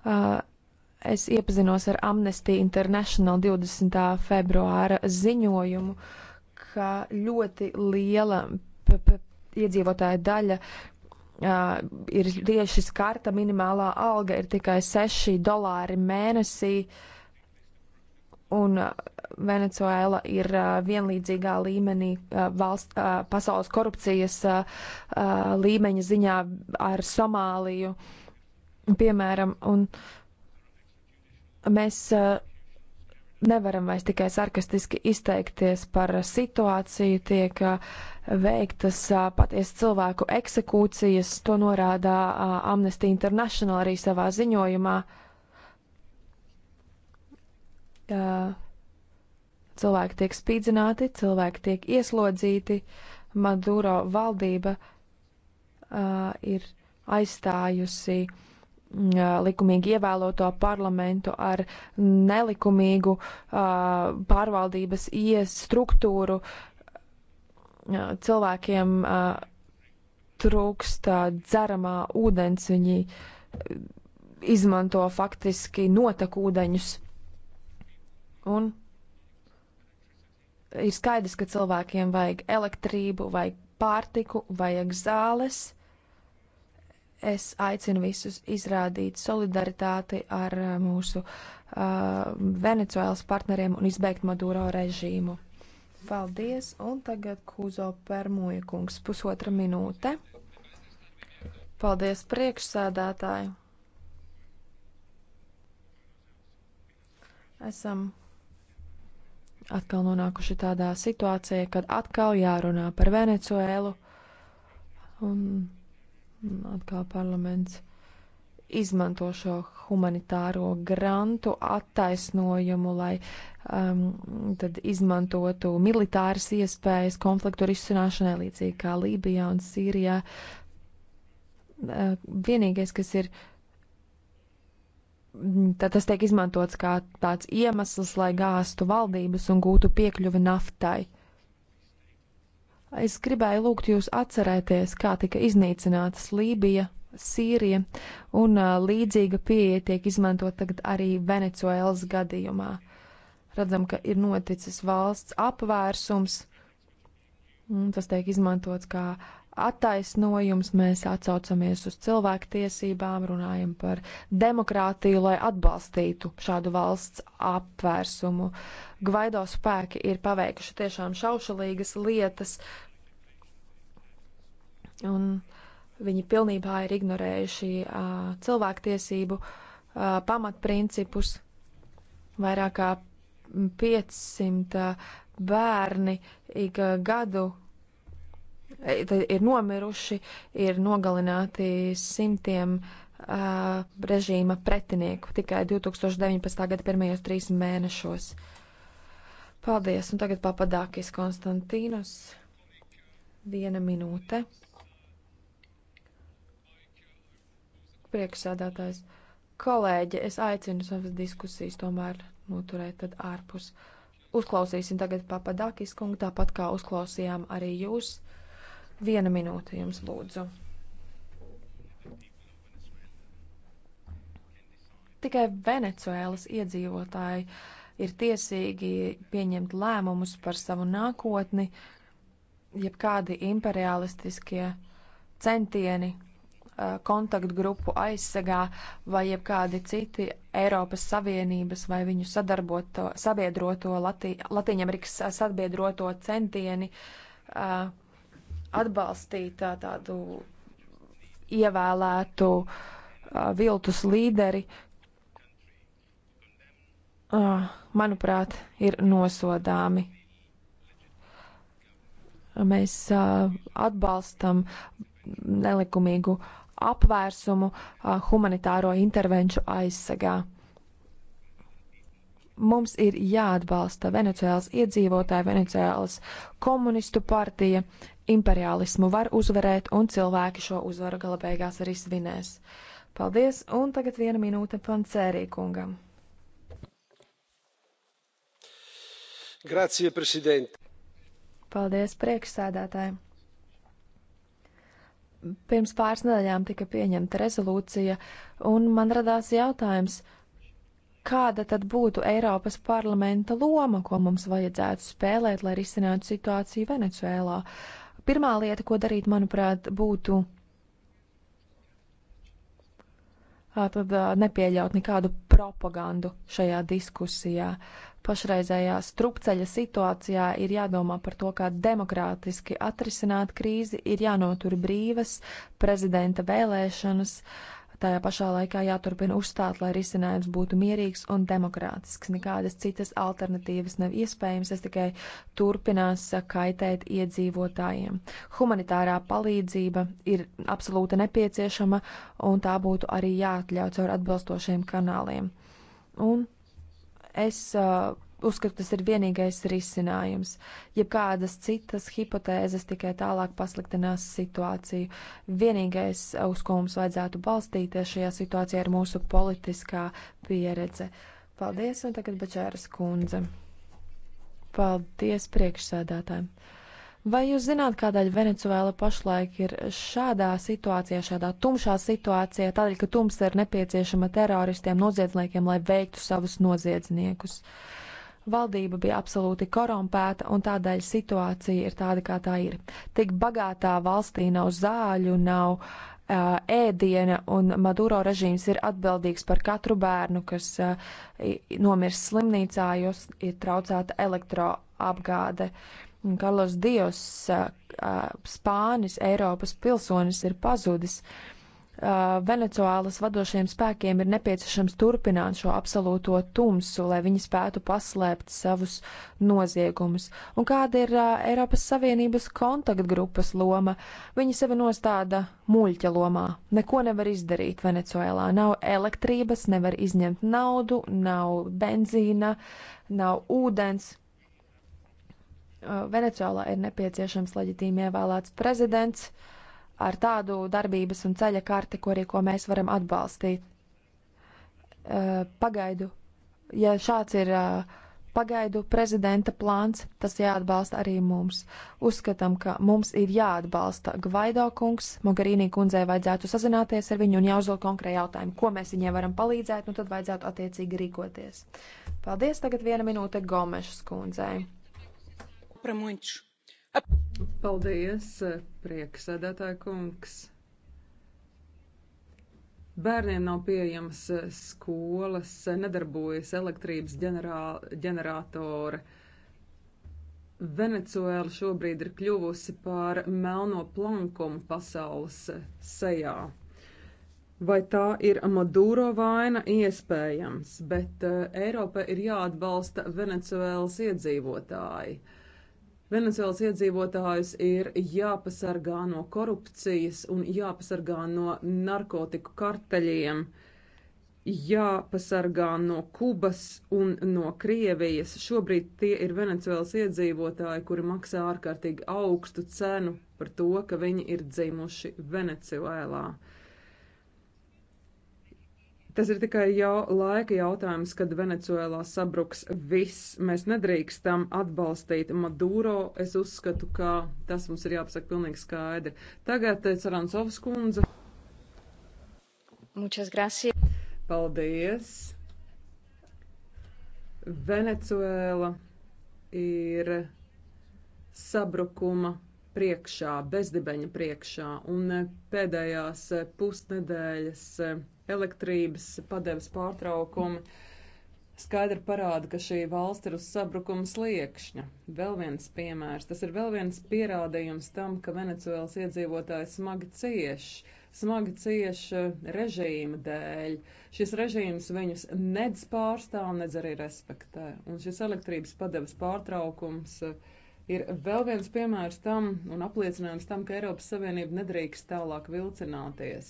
Eh, es iepazinos ar Amnesty International 20. februāra ziņojumu, ka ļoti liela iedzīvotāja daļa uh, ir tieši skarta minimālā alga ir tikai 6 dolāri mēnesī. Uh, un uh, Venecuēla ir uh, vienlīdzīgā līmenī uh, valsts, uh, pasaules korupcijas uh, uh, līmeņa ziņā ar Somāliju, piemēram, un mēs uh, nevaram vairs tikai sarkastiski izteikties par situāciju, tiek uh, veiktas uh, patiesi cilvēku eksekūcijas, to norāda uh, Amnesty International arī savā ziņojumā. Uh, cilvēki tiek spīdzināti, cilvēki tiek ieslodzīti. Maduro valdība uh, ir aizstājusi likumīgi ievēloto parlamentu ar nelikumīgu uh, pārvaldības iestruktūru. Uh, cilvēkiem uh, trūkst uh, dzeramā ūdens, viņi izmanto faktiski notekūdeņus. Un ir skaidrs, ka cilvēkiem vajag elektrību, vajag pārtiku, vajag zāles. Es aicinu visus izrādīt solidaritāti ar uh, mūsu uh, Venecuēlas partneriem un izbeigt Maduro režīmu. Paldies, un tagad Kūzo Permoja kungs, pusotra minūte. Paldies priekšsēdētāju. Esam atkal nonākuši tādā situācijā, kad atkal jārunā par Venecuēlu. Un atkal parlaments izmanto šo humanitāro grantu attaisnojumu, lai um, tad izmantotu militāras iespējas konfliktu risināšanai, līdzīgi kā Lībijā un Sīrijā. Uh, vienīgais, kas ir uh, tad tas tiek izmantots kā tāds iemesls, lai gāstu valdības un gūtu piekļuvi naftai. Es gribēju lūgt jūs atcerēties, kā tika iznīcinātas Lībija, Sīrija, un uh, līdzīga pieeja tiek izmantot tagad arī Venecuēlas gadījumā. Redzam, ka ir noticis valsts apvērsums, un tas tiek izmantots kā uh, attaisnojums, mēs atsaucamies uz cilvēktiesībām, runājam par demokrātiju, lai atbalstītu šādu valsts apvērsumu. Gvaido spēki ir paveikuši tiešām šaušalīgas lietas, un viņi pilnībā ir ignorējuši uh, cilvēktiesību uh, pamatprincipus. Vairāk kā 500 bērni ik gadu ir nomiruši, ir nogalināti simtiem uh, režīma pretinieku tikai 2019. gada pirmajos trīs mēnešos. Paldies, un tagad papadākis Konstantīnos. Viena minūte. Priekšsēdētājs. Kolēģi, es aicinu savas diskusijas tomēr noturēt tad ārpus. Uzklausīsim tagad papadākis kungu, tāpat kā uzklausījām arī jūs. Viena minūte jums lūdzu. Tikai Venecuēlas iedzīvotāji ir tiesīgi pieņemt lēmumus par savu nākotni, jebkādi imperialistiskie centieni kontaktgrupu aizsegā vai jebkādi citi Eiropas Savienības vai viņu sadarboto, sabiedroto, Latī, Latīņamerikas sabiedroto centieni uh, atbalstīt tādu ievēlētu viltus līderi, manuprāt, ir nosodāmi. Mēs atbalstam nelikumīgu apvērsumu humanitāro intervenču aizsegā. Mums ir jāatbalsta Venecijas iedzīvotāji, Venecijas komunistu partija imperiālismu var uzvarēt, un cilvēki šo uzvaru gala beigās arī svinēs. Paldies, un tagad viena minūte pancērī kungam. Grazie, prezident. Paldies, priekšsēdētāji. Pirms pāris nedēļām tika pieņemta rezolūcija, un man radās jautājums, kāda tad būtu Eiropas parlamenta loma, ko mums vajadzētu spēlēt, lai risinātu situāciju Venecuēlā. Pirmā lieta, ko darīt, manuprāt, būtu tad nepieļaut nekādu propagandu šajā diskusijā. Pašreizējā strupceļa situācijā ir jādomā par to, kā demokrātiski atrisināt krīzi, ir jānotur brīvas prezidenta vēlēšanas. Uh, Tajā pašā laikā jāturpina uzstāt, lai risinājums būtu mierīgs un demokrātisks. Nekādas citas alternatīvas nav iespējams, tas tikai turpinās kaitēt iedzīvotājiem. Humanitārā palīdzība ir absolūti nepieciešama, un tā būtu arī jāatļauts ar atbilstošiem kanāliem. Un es uh, uzskatu, tas ir vienīgais risinājums. Jebkādas citas hipotēzes tikai tālāk pasliktinās situāciju. Vienīgais, uz ko mums vajadzētu balstīties šajā situācijā, ir mūsu politiskā pieredze. Paldies, un tagad Bečēras kundze. Paldies priekšsēdētājiem. Vai jūs zināt, kādēļ Venecuēla pašlaik ir šādā situācijā, šādā tumšā situācijā? Tādēļ, ka tumsa ir nepieciešama teroristiem, noziedzniekiem, lai veiktu savus noziedzniekus. Uh, Valdība bija absolūti korumpēta, un tādēļ situācija ir tāda, kā tā ir. Tik bagātā valstī nav zāļu, nav uh, ēdiena, un Maduro režīms ir atbildīgs par katru bērnu, kas uh, nomirst slimnīcā, jo ir traucēta elektroapgāde. Carlos Dios, uh, uh, Spānis, Eiropas pilsonis, ir pazudis. Uh, Venecuālas vadošajiem spēkiem ir nepieciešams turpināt šo absolūto tumsu, lai viņi spētu paslēpt savus noziegumus. Un kāda ir uh, Eiropas Savienības kontaktgrupas loma? Viņi sevi nostāda muļķa lomā. Neko nevar izdarīt Venecuēlā. Nav elektrības, nevar izņemt naudu, nav benzīna, nav ūdens. Uh, Venecuēlā ir nepieciešams leģitīmi ievēlēts prezidents. Uh, ar tādu darbības un ceļa karti, ko arī ko mēs varam atbalstīt. Pagaidu, ja šāds ir pagaidu prezidenta plāns, tas jāatbalsta arī mums. Uzskatām, ka mums ir jāatbalsta Gvaido kungs, Mogarīnī kundzei vajadzētu sazināties ar viņu un jāuzdod konkrēti jautājumi, ko mēs viņai varam palīdzēt, un nu, tad vajadzētu attiecīgi rīkoties. Paldies, tagad viena minūte Gomešas kundzei. Pramuņš. Paldies, prieksēdētāja kungs. Bērniem nav pieejamas skolas, nedarbojas elektrības ģenerā, ģenerātori. Venecuēla šobrīd ir kļuvusi par melno plankumu pasaules sejā. Vai tā ir Maduro vaina? Iespējams, bet uh, Eiropa ir jāatbalsta Venecuēlas iedzīvotāji. Uh, Venecuēlas iedzīvotājus ir jāpasargā no korupcijas un jāpasargā no narkotiku karteļiem, jāpasargā no Kubas un no Krievijas. Šobrīd tie ir Venecuēlas iedzīvotāji, kuri maksā ārkārtīgi augstu cenu par to, ka viņi ir dzimuši Venecuēlā. Tas ir tikai jau laika jautājums, kad Venecuēlā sabruks viss. Mēs nedrīkstam atbalstīt Maduro. Es uzskatu, ka tas mums ir jāpasaka pilnīgi skaidri. Tagad Cerancovs eh, kundze. Muchas gracias. Paldies. Venecuēla ir sabrukuma priekšā, bezdibeņa priekšā, un eh, pēdējās eh, pusnedēļas eh, elektrības padeves pārtraukumi skaidri parāda, ka šī valsts ir uz sabrukuma sliekšņa. Vēl viens piemērs, tas ir vēl viens pierādījums tam, ka Venecuēlas iedzīvotāji smagi cieš, smagi cieš režīma dēļ. Šis režīms viņus nedz pārstāv, nedz arī respektē. Un šis elektrības padeves pārtraukums uh, ir vēl viens piemērs tam un apliecinājums tam, ka Eiropas Savienība nedrīkst tālāk vilcināties.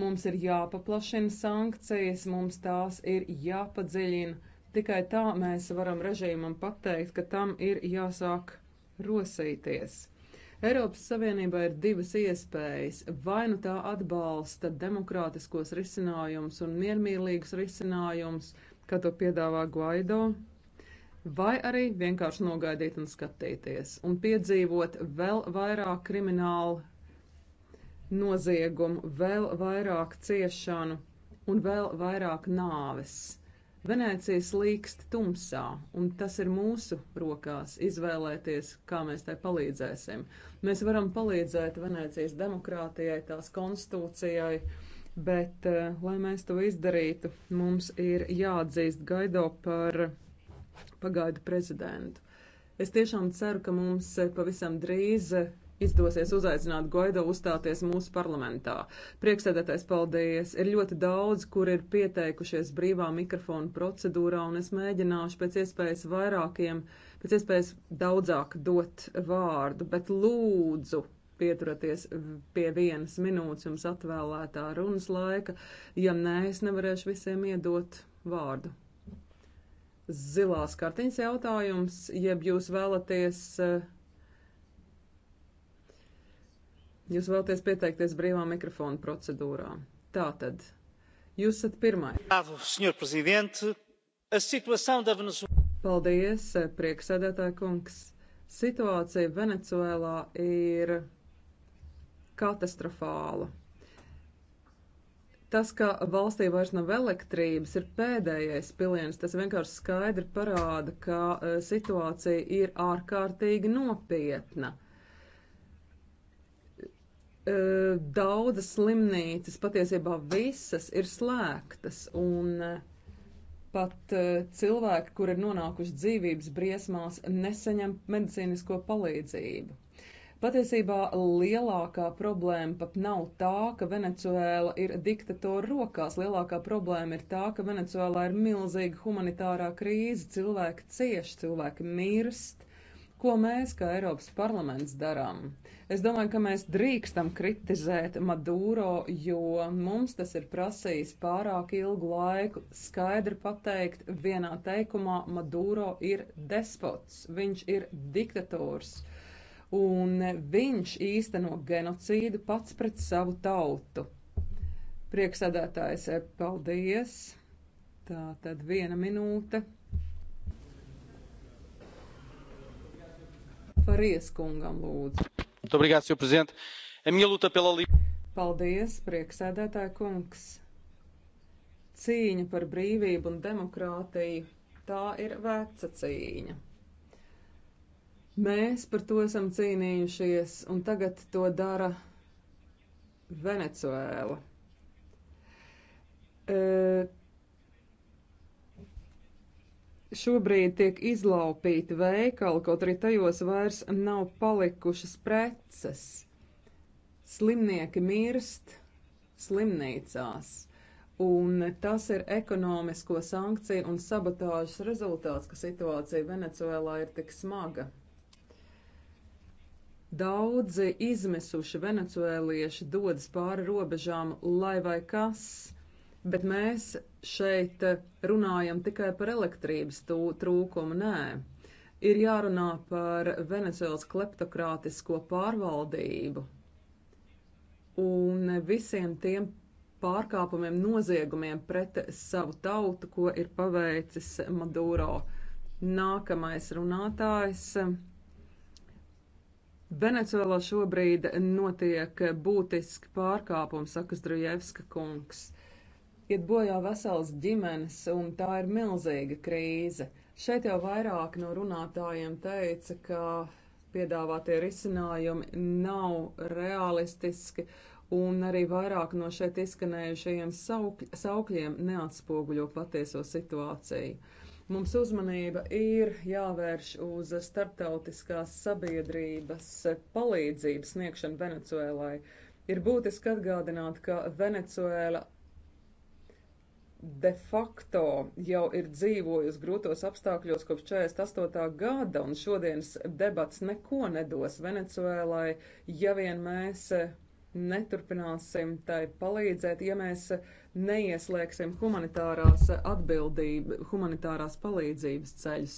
Mums ir jāpaplašina sankcijas, mums tās ir jāpadziļina. Tikai tā mēs varam režīmam pateikt, ka tam ir jāsāk rosīties. Eiropas Savienībā ir divas iespējas. Vai nu tā atbalsta demokrātiskos risinājumus un miermīlīgus risinājumus, kā to piedāvā Guaido, vai arī vienkārši nogaidīt un skatīties un piedzīvot vēl vairāk kriminālu noziegumu, vēl vairāk ciešanu un vēl vairāk nāves. Venēcijas līkst tumsā, un tas ir mūsu rokās izvēlēties, kā mēs tai palīdzēsim. Mēs varam palīdzēt Venēcijas demokrātijai, tās konstitūcijai, bet, eh, lai mēs to izdarītu, mums ir jāatzīst Gaido par pagaidu prezidentu. Es tiešām ceru, ka mums eh, pavisam drīz eh, izdosies uzaicināt Guaido uzstāties mūsu parlamentā. Prieksēdētais paldies! Ir ļoti daudz, kur ir pieteikušies brīvā mikrofona procedūrā, un es mēģināšu pēc iespējas vairākiem, pēc iespējas daudzāk dot vārdu, bet lūdzu! Pieturieties pie vienas minūtes jums atvēlētā runas laika. Ja nē, es nevarēšu visiem iedot vārdu zilās kartiņas jautājums, jeb jūs vēlaties. Eh, jūs vēlaties pieteikties brīvā mikrofona procedūrā. Tā tad. Jūs esat pirmais. Paldies, eh, prieksēdētāja kungs. Situācija Venecuēlā ir katastrofāla. Tas, ka valstī vairs nav elektrības, ir pēdējais piliens. Tas vienkārši skaidri parāda, ka e, situācija ir ārkārtīgi nopietna. E, daudzas slimnīcas, patiesībā visas, ir slēgtas, un e, pat cilvēki, kur ir nonākuši dzīvības briesmās, nesaņem medicīnisko palīdzību. Patiesībā lielākā problēma pat nav tā, ka Venecuēla ir diktatora rokās. Lielākā problēma ir tā, ka Venecuēlā ir milzīga humanitārā krīze, cilvēki cieš, cilvēki mirst. Ko mēs, kā Eiropas parlaments, darām? Es domāju, ka mēs drīkstam kritizēt Maduro, jo mums tas ir prasījis pārāk ilgu laiku. Skaidri pateikt, vienā teikumā Maduro ir despots, viņš ir diktators un viņš īsteno genocīdu pats pret savu tautu. Prieksēdētājs, eh, paldies! Tā tad viena minūte. Faries kungam lūdzu. Obrigado, senhor presidente. A minha luta pela liberdade. Paldies, prieksēdētāja kungs. Cīņa par brīvību un demokrātiju tā ir veca cīņa. Mēs par to esam cīnījušies, un tagad to dara Venecuēla. E, šobrīd tiek izlaupīti veikali, kaut arī tajos vairs nav palikušas preces. Slimnieki mirst slimnīcās. Un tas ir ekonomisko sankciju un sabotāžas rezultāts, ka situācija Venecuēlā ir tik smaga. Daudzi izmisuši venecuēlieši dodas pāri robežām, lai vai kas, bet mēs šeit runājam tikai par elektrības trūkumu. Nē, ir jārunā par Venecuēlas kleptokrātisko pārvaldību un visiem tiem pārkāpumiem, noziegumiem pret savu tautu, ko ir paveicis Maduro. Nākamais runātājs Venecuēlā šobrīd notiek būtiski pārkāpums, saka Zdrujevska kungs. Iet bojā vesels ģimenes, un tā ir milzīga krīze. Šeit jau vairāk no runātājiem teica, ka piedāvātie risinājumi nav realistiski, un arī vairāk no šeit izskanējušajiem saukļiem neatspoguļo patieso situāciju. Mums uzmanība ir jāvērš uz starptautiskās sabiedrības palīdzības sniegšanu Venecuēlai. Ir būtiski atgādināt, ka Venecuēla de facto jau ir dzīvojusi grūtos apstākļos kopš 48. gada, un šodienas debats neko nedos Venecuēlai, ja vien mēs neturpināsim tai palīdzēt, ja mēs neieslēgsim humanitārās atbildība, humanitārās palīdzības ceļus.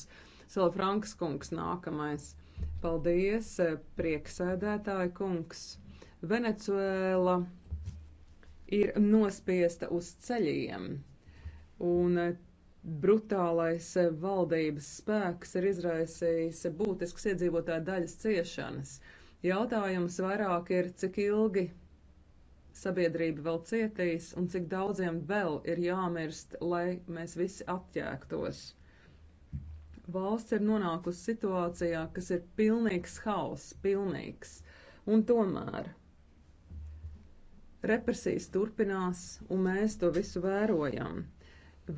Sala Frankas kungs nākamais. Paldies, prieksēdētāja kungs. Venecuēla ir nospiesta uz ceļiem, un brutālais valdības spēks ir izraisījis būtisks iedzīvotāju daļas ciešanas. Uh, Jautājums vairāk ir, cik ilgi sabiedrība vēl cietīs un cik daudziem vēl ir jāmirst, lai mēs visi atjēgtos. Valsts ir nonākusi situācijā, kas ir pilnīgs hauss, pilnīgs. Un tomēr represijas turpinās, un mēs to visu vērojam.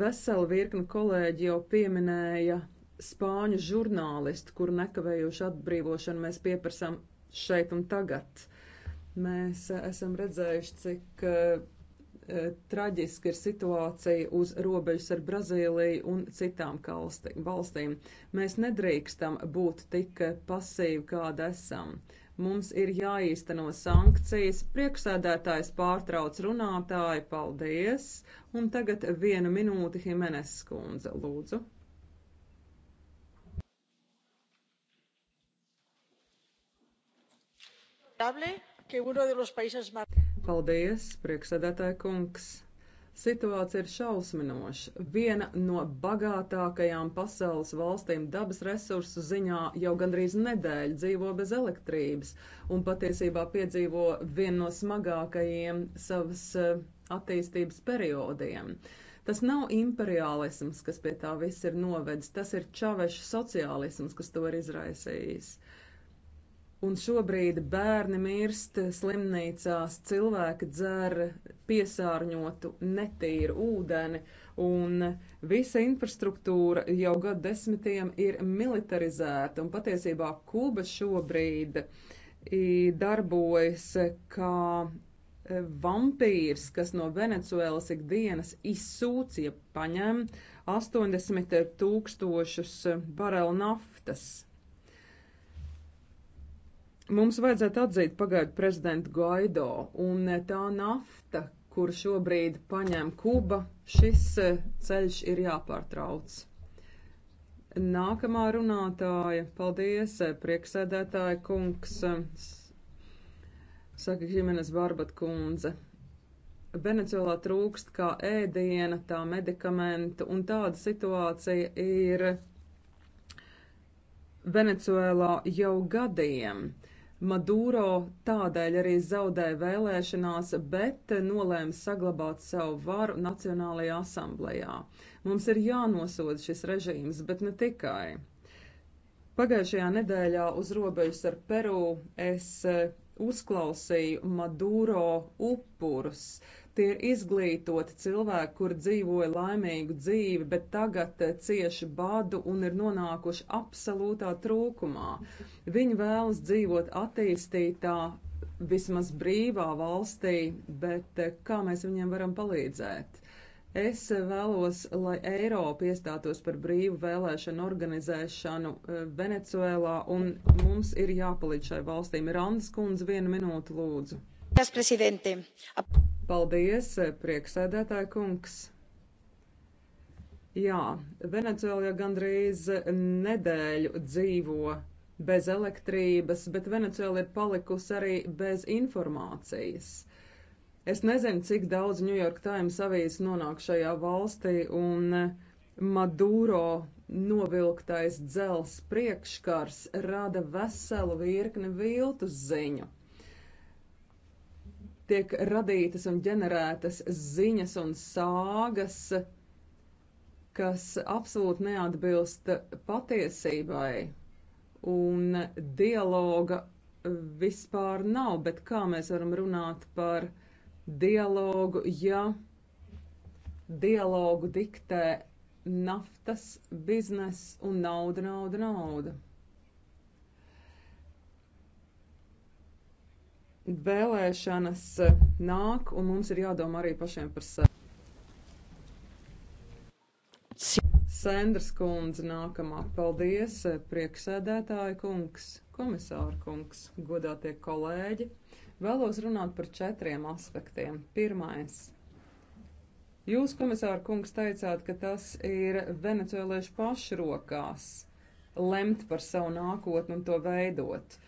Vesela virkni kolēģi jau pieminēja spāņu žurnālistu, kuru nekavējošu atbrīvošanu mēs pieprasām šeit un tagad. Mēs eh, esam redzējuši, cik eh, eh, traģiska ir situācija uz robežas ar Brazīliju un citām valstīm. Mēs nedrīkstam būt tik pasīvi, kāda esam. Mums ir jāīsteno sankcijas. Priekšsēdētājs pārtrauc runātāju. Paldies! Un tagad vienu minūti Himenes skundze, lūdzu. Paldies, priekšsēdētāja kungs. Situācija ir šausminoša. Viena no bagātākajām pasaules valstīm dabas resursu ziņā jau gandrīz nedēļu dzīvo bez elektrības un patiesībā piedzīvo vienu no smagākajiem savas eh, attīstības periodiem. Tas nav imperiālisms, kas pie tā viss ir novedis, tas ir čaveša sociālisms, kas to ir izraisījis. Uh, Un šobrīd bērni mirst slimnīcās, cilvēki dzer piesārņotu, netīru ūdeni, un visa infrastruktūra jau gadu desmitiem ir militarizēta, un patiesībā Kuba šobrīd darbojas kā e, vampīrs, kas no Venecuēlas ikdienas izsūc, ja paņem 80 tūkstošus barelu naftas. Mums vajadzētu atzīt pagaidu prezidentu Gaido un eh, tā nafta, kur šobrīd paņem Kuba, šis eh, ceļš ir jāpārtrauc. Nākamā runātāja, paldies, eh, prieksēdētāja kungs, saka ģimenes Barbat kundze. Venecijolā trūkst kā ēdiena, tā medikamentu, un tāda situācija ir Venecijolā jau gadiem. Maduro tādēļ arī zaudēja vēlēšanās, bet nolēma saglabāt savu varu Nacionālajā asamblējā. Mums ir jānosoda šis režīms, bet ne tikai. Pagājušajā nedēļā uz robežas ar Peru es eh, uzklausīju Maduro upurus. Tie ir izglītoti cilvēki, kur dzīvoja laimīgu dzīvi, bet tagad eh, cieši badu un ir nonākuši absolūtā trūkumā. Viņi vēlas dzīvot attīstītā, vismaz brīvā valstī, bet eh, kā mēs viņiem varam palīdzēt? Es vēlos, lai Eiropa iestātos par brīvu vēlēšanu organizēšanu eh, Venecuēlā, un mums ir jāpalīdz šai valstīm. Randas kundze, vienu minūtu lūdzu. Tas prezidenti. Ap... Paldies, eh, prieksēdētāja kungs! Jā, Venecijā gandrīz eh, nedēļu dzīvo bez elektrības, bet Venecijā ir palikusi arī bez informācijas. Es nezinu, cik daudz New York Times avīzes nonāk šajā valstī, un eh, Maduro novilktais dzels priekškars rada veselu virkni viltus ziņu tiek radītas un ģenerētas ziņas un sāgas, kas absolūti neatbilst patiesībai, un dialoga vispār nav, bet kā mēs varam runāt par dialogu, ja dialogu diktē naftas biznes un nauda, nauda, nauda. Vēlēšanas eh, nāk, un mums ir jādomā arī pašiem par sevi. Sandrs kundze nākamā. Paldies, eh, prieksēdētāja kungs, komisāra kungs, godātie kolēģi. Vēlos runāt par četriem aspektiem. Pirmais. Jūs, komisāra kungs, teicāt, ka tas ir venecuēliešu pašu rokās lemt par savu nākotni un to veidot.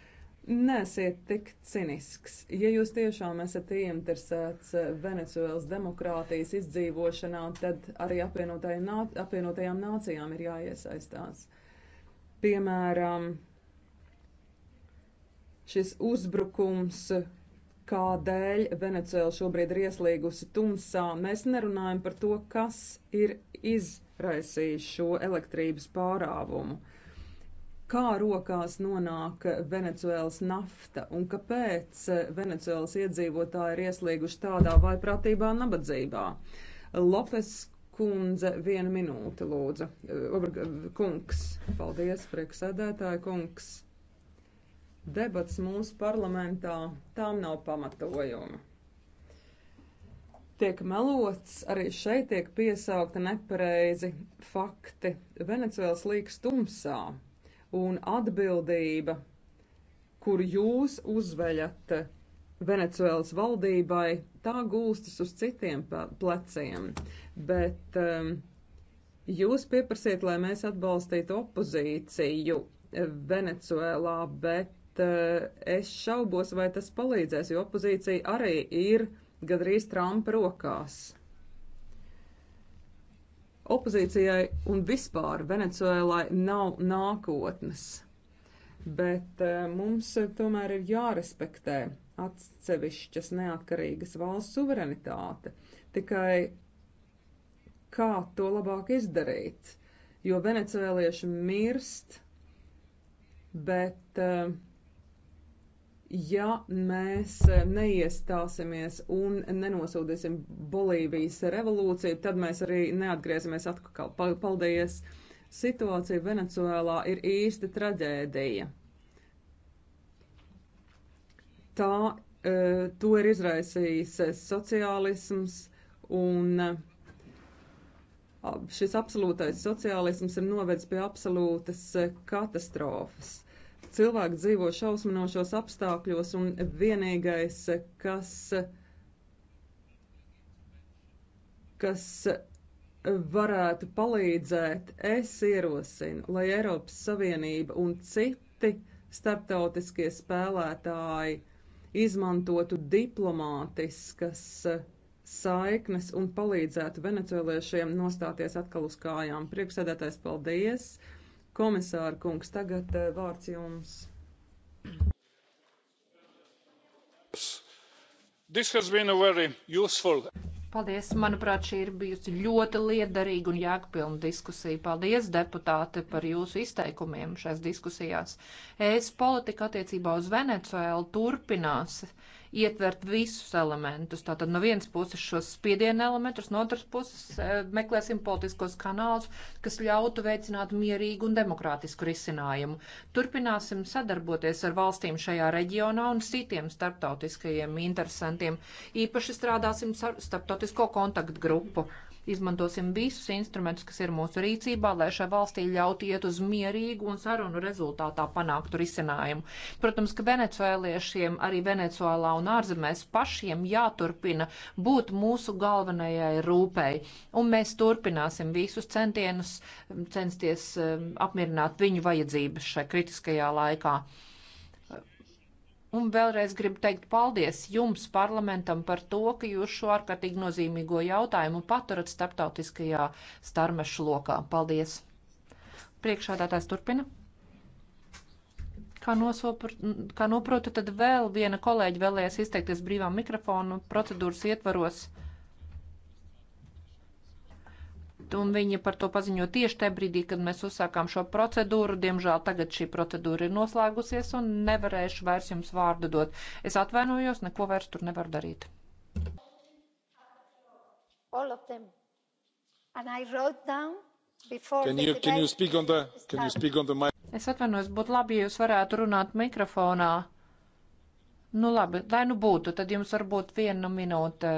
Nesiet tik cinisks. Ja jūs tiešām esat ieinteresēts eh, Venecuēlas demokrātijas izdzīvošanā, tad arī apvienotajām, nā, apvienotajām nācijām ir jāiesaistās. Piemēram, šis uzbrukums, kādēļ Venecijā šobrīd ir ieslīgusi tumsā, mēs nerunājam par to, kas ir izraisījis šo elektrības pārāvumu kā rokās nonāk Venecuēlas nafta un kāpēc Venecuēlas iedzīvotāji ir ieslīguši tādā vai pratībā nabadzībā. Lopes kundze, viena minūte, lūdzu. Kungs, paldies, prieksēdētāja kungs. Debats mūsu parlamentā tām nav pamatojuma. Tiek melots, arī šeit tiek piesaukta nepareizi fakti. Venecuēls līks tumsā, un atbildība, kur jūs uzveļat Venecuēlas valdībai, tā gulstas uz citiem pleciem. Bet um, jūs pieprasiet, lai mēs atbalstītu opozīciju Venecuēlā, bet uh, es šaubos, vai tas palīdzēs, jo opozīcija arī ir gadrīz Trumpa rokās. Opozīcijai un vispār Venecuēlai nav nākotnes, bet eh, mums tomēr ir jārespektē atsevišķas neatkarīgas valsts suverenitāte. Tikai kā to labāk izdarīt, jo venecuēlieši mirst, bet uh, ja mēs eh, neiestāsimies un nenosūdīsim Bolīvijas revolūciju, tad mēs arī neatgriezīsimies atkal. Paldies! Situācija Venecuēlā ir īsta traģēdija. Tā, eh, to ir izraisījis eh, sociālisms un šis absolūtais sociālisms ir novedis pie absolūtas katastrofas cilvēki dzīvo šausminošos apstākļos, un vienīgais, kas, kas varētu palīdzēt, es ierosinu, lai Eiropas Savienība un citi starptautiskie spēlētāji izmantotu diplomātiskas saiknes un palīdzētu venecuēliešiem nostāties atkal uz kājām. Priekšsēdētājs, paldies! Komisāra kungs, tagad eh, vārds jums. This has been a very useful Paldies! Manuprāt, šī ir bijusi ļoti liederīga un jēgpilna diskusija. Paldies, deputāti, par jūsu izteikumiem šajās diskusijās. Es politika attiecībā uz Venecuēlu turpinās ietvert visus elementus. Tātad no vienas puses šos spiediena elementus, no otras puses eh, meklēsim politiskos kanālus, kas ļautu veicināt mierīgu un demokrātisku risinājumu. Turpināsim sadarboties ar valstīm šajā reģionā un citiem starptautiskajiem interesantiem. Īpaši strādāsim starptautisko kontaktgrupu. Mm Izmantosim visus instrumentus, kas ir mūsu rīcībā, lai šai valstī ļautu iet uz mierīgu un sarunu rezultātā panāktu risinājumu. Protams, ka venecuēliešiem arī Venecuēlā un ārzemēs pašiem jāturpina būt mūsu galvenajai rūpēji. Un mēs turpināsim visus centienus censties um, apmierināt viņu vajadzības šai kritiskajā laikā. Un vēlreiz gribu teikt paldies jums, parlamentam, par to, ka jūs šo ārkārtīgi nozīmīgo jautājumu paturat starptautiskajā starmešu lokā. Paldies! Priekšādātājs turpina. Kā, nosopr, kā noprotu, tad vēl viena kolēģi vēlējās izteikties brīvā mikrofonu procedūras ietvaros un viņa par to paziņo tieši tajā brīdī, kad mēs uzsākām šo procedūru. Diemžēl tagad šī procedūra ir noslēgusies un nevarēšu vairs jums vārdu dot. Es atvainojos, neko vairs tur nevaru darīt. All of them. And I wrote down Can you, can you speak on the, can you speak on the mic? Es atvainojos, būtu labi, ja jūs varētu runāt mikrofonā. Nu labi, lai nu būtu, tad jums varbūt viena minūte.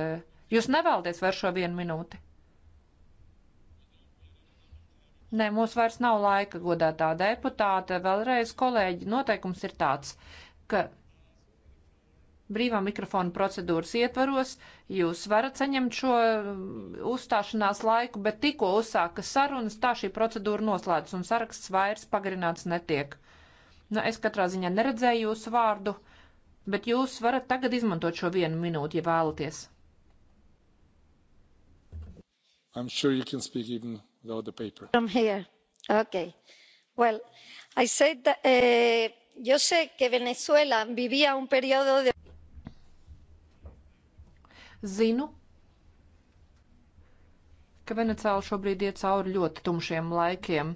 Jūs nevēlaties vairs šo vienu minūti? Nē, mums vairs nav laika, godātā deputāte. Vēlreiz, kolēģi, noteikums ir tāds, ka brīvā mikrofona procedūras ietvaros jūs varat saņemt šo uh, uzstāšanās laiku, bet tikko uzsākas sarunas, tā šī procedūra noslēdzas un saraksts vairs pagarināts netiek. Nu, es katrā ziņā neredzēju jūsu vārdu, bet jūs varat tagad izmantot šo vienu minūti, ja vēlaties. I'm sure you can speak even though the paper. From here. Okay. Well, I said that, eh, yo sé que Venezuela vivía un periodo de. Zinu, ka Venecāla šobrīd iet cauri ļoti tumšiem laikiem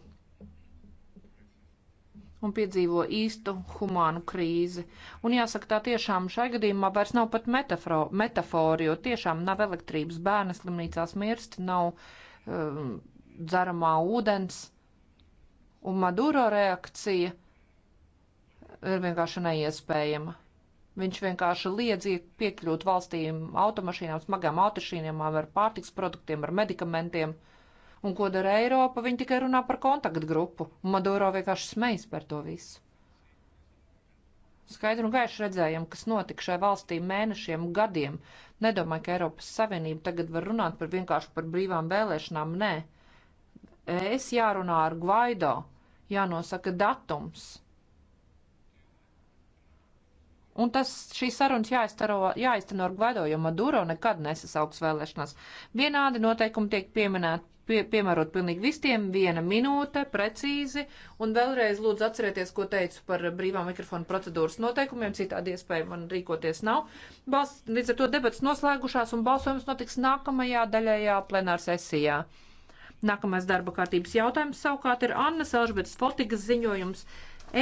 un piedzīvo īstu humānu krīzi. Un jāsaka, tā tiešām šai gadījumā vairs nav pat metafora, jo tiešām nav elektrības, bērni slimnīcās mirst, nav um, dzeramā ūdens, un Maduro reakcija ir vienkārši neiespējama. Viņš vienkārši liedz piekļūt valstīm, automašīnām, smagām automašīnām, ar pārtiks produktiem, ar medikamentiem. Un ko dara Eiropa? Viņi tikai runā par kontaktgrupu. Maduro vienkārši smejas par to visu. Skaidri un gaiši redzējām, kas notika šai valstī mēnešiem, gadiem. Nedomāju, ka Eiropas Savienība tagad var runāt par vienkārši par brīvām vēlēšanām. Nē, es jārunā ar Gvaido, jānosaka datums. Un tas šīs sarunas jāizteno ar Gvaido, jo Maduro nekad nesasauks vēlēšanās. Vienādi noteikumi tiek pieminēti. Pie, piemērot pilnīgi visiem, viena minūte, precīzi, un vēlreiz lūdzu atcerieties, ko teicu par brīvā mikrofona procedūras noteikumiem, citādi iespēja man rīkoties nav. Bals, līdz ar to debats noslēgušās, un balsojums notiks nākamajā daļajā plenārsesijā. sesijā. Nākamais darba kārtības jautājums savukārt ir Annas Elžbetas Fotigas ziņojums.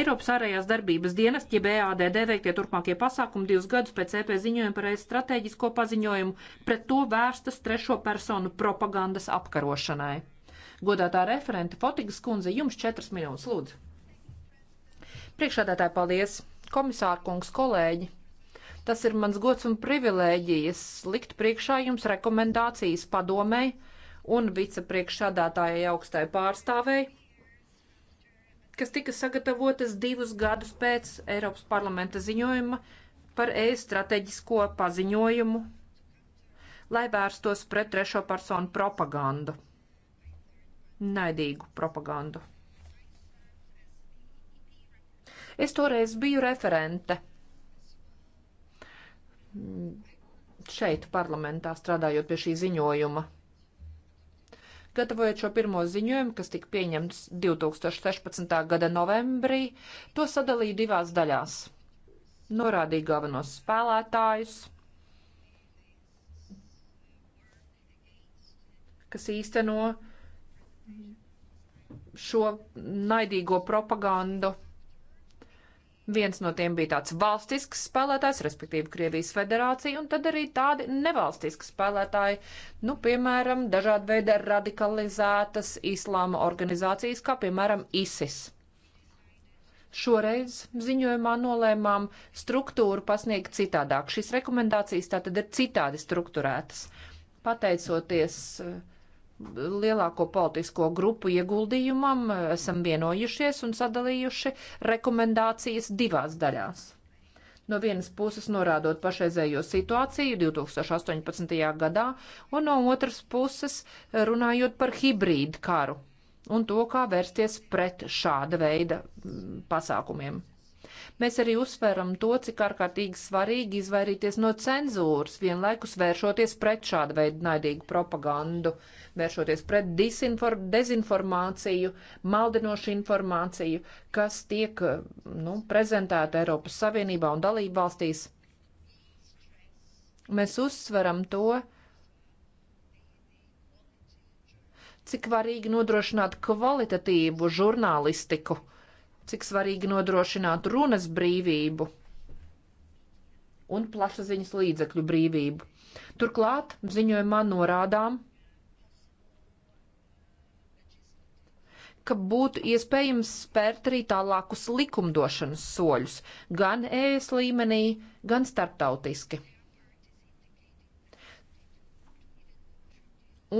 Eiropas ārējās darbības dienas, jeb EADD veiktie turpmākie pasākumi divus gadus pēc EP ziņojuma par ES strateģisko paziņojumu pret to vērstas trešo personu propagandas apkarošanai. Godātā referente Fotigas kundze, jums četras minūtes lūdzu. Priekšādātāji, paldies! Komisārkungs, kolēģi! Tas ir mans gods un privilēģijas likt priekšā jums rekomendācijas padomēji un vicepriekšādātājai augstai pārstāvei, kas tika sagatavotas divus gadus pēc Eiropas parlamenta ziņojuma par e-strateģisko paziņojumu, lai vērstos pret trešo personu propagandu, naidīgu propagandu. Es toreiz biju referente šeit parlamentā strādājot pie šī ziņojuma. Gatavojot šo pirmo ziņojumu, kas tika pieņemts 2016. gada novembrī, to sadalīja divās daļās. Norādīja galvenos spēlētājus, kas īsteno šo naidīgo propagandu Viens no tiem bija tāds valstisks spēlētājs, respektīvi Krievijas federācija, un tad arī tādi nevalstiski spēlētāji, nu, piemēram, dažādi veidi radikalizētas islāma organizācijas, kā piemēram ISIS. Šoreiz ziņojumā nolēmām struktūru pasniegt citādāk. Šīs rekomendācijas tātad ir citādi strukturētas. Pateicoties uh, lielāko politisko grupu ieguldījumam eh, esam vienojušies un sadalījuši rekomendācijas divās daļās. No vienas puses norādot pašreizējo situāciju 2018. gadā, un no otras puses runājot par hibrīdu karu un to, kā vērsties pret šāda veida mm, pasākumiem. Mēs arī uzsveram to, cik ārkārtīgi svarīgi izvairīties no cenzūras, vienlaikus vēršoties pret šādu veidu naidīgu propagandu, vēršoties pret dezinformāciju, maldinošu informāciju, kas tiek nu, prezentēta Eiropas Savienībā un dalību valstīs. Mēs uzsveram to, cik varīgi nodrošināt kvalitatīvu žurnālistiku cik svarīgi nodrošināt runas brīvību un plašsaziņas līdzekļu brīvību. Turklāt ziņojumā norādām, ka būtu iespējams spērt arī tālākus likumdošanas soļus gan ES līmenī, gan starptautiski.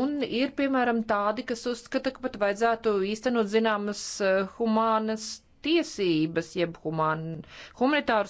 Un ir, piemēram, tādi, kas uzskata, ka pat vajadzētu īstenot zināmas eh, humānas tiesības, jeb human, humanitārus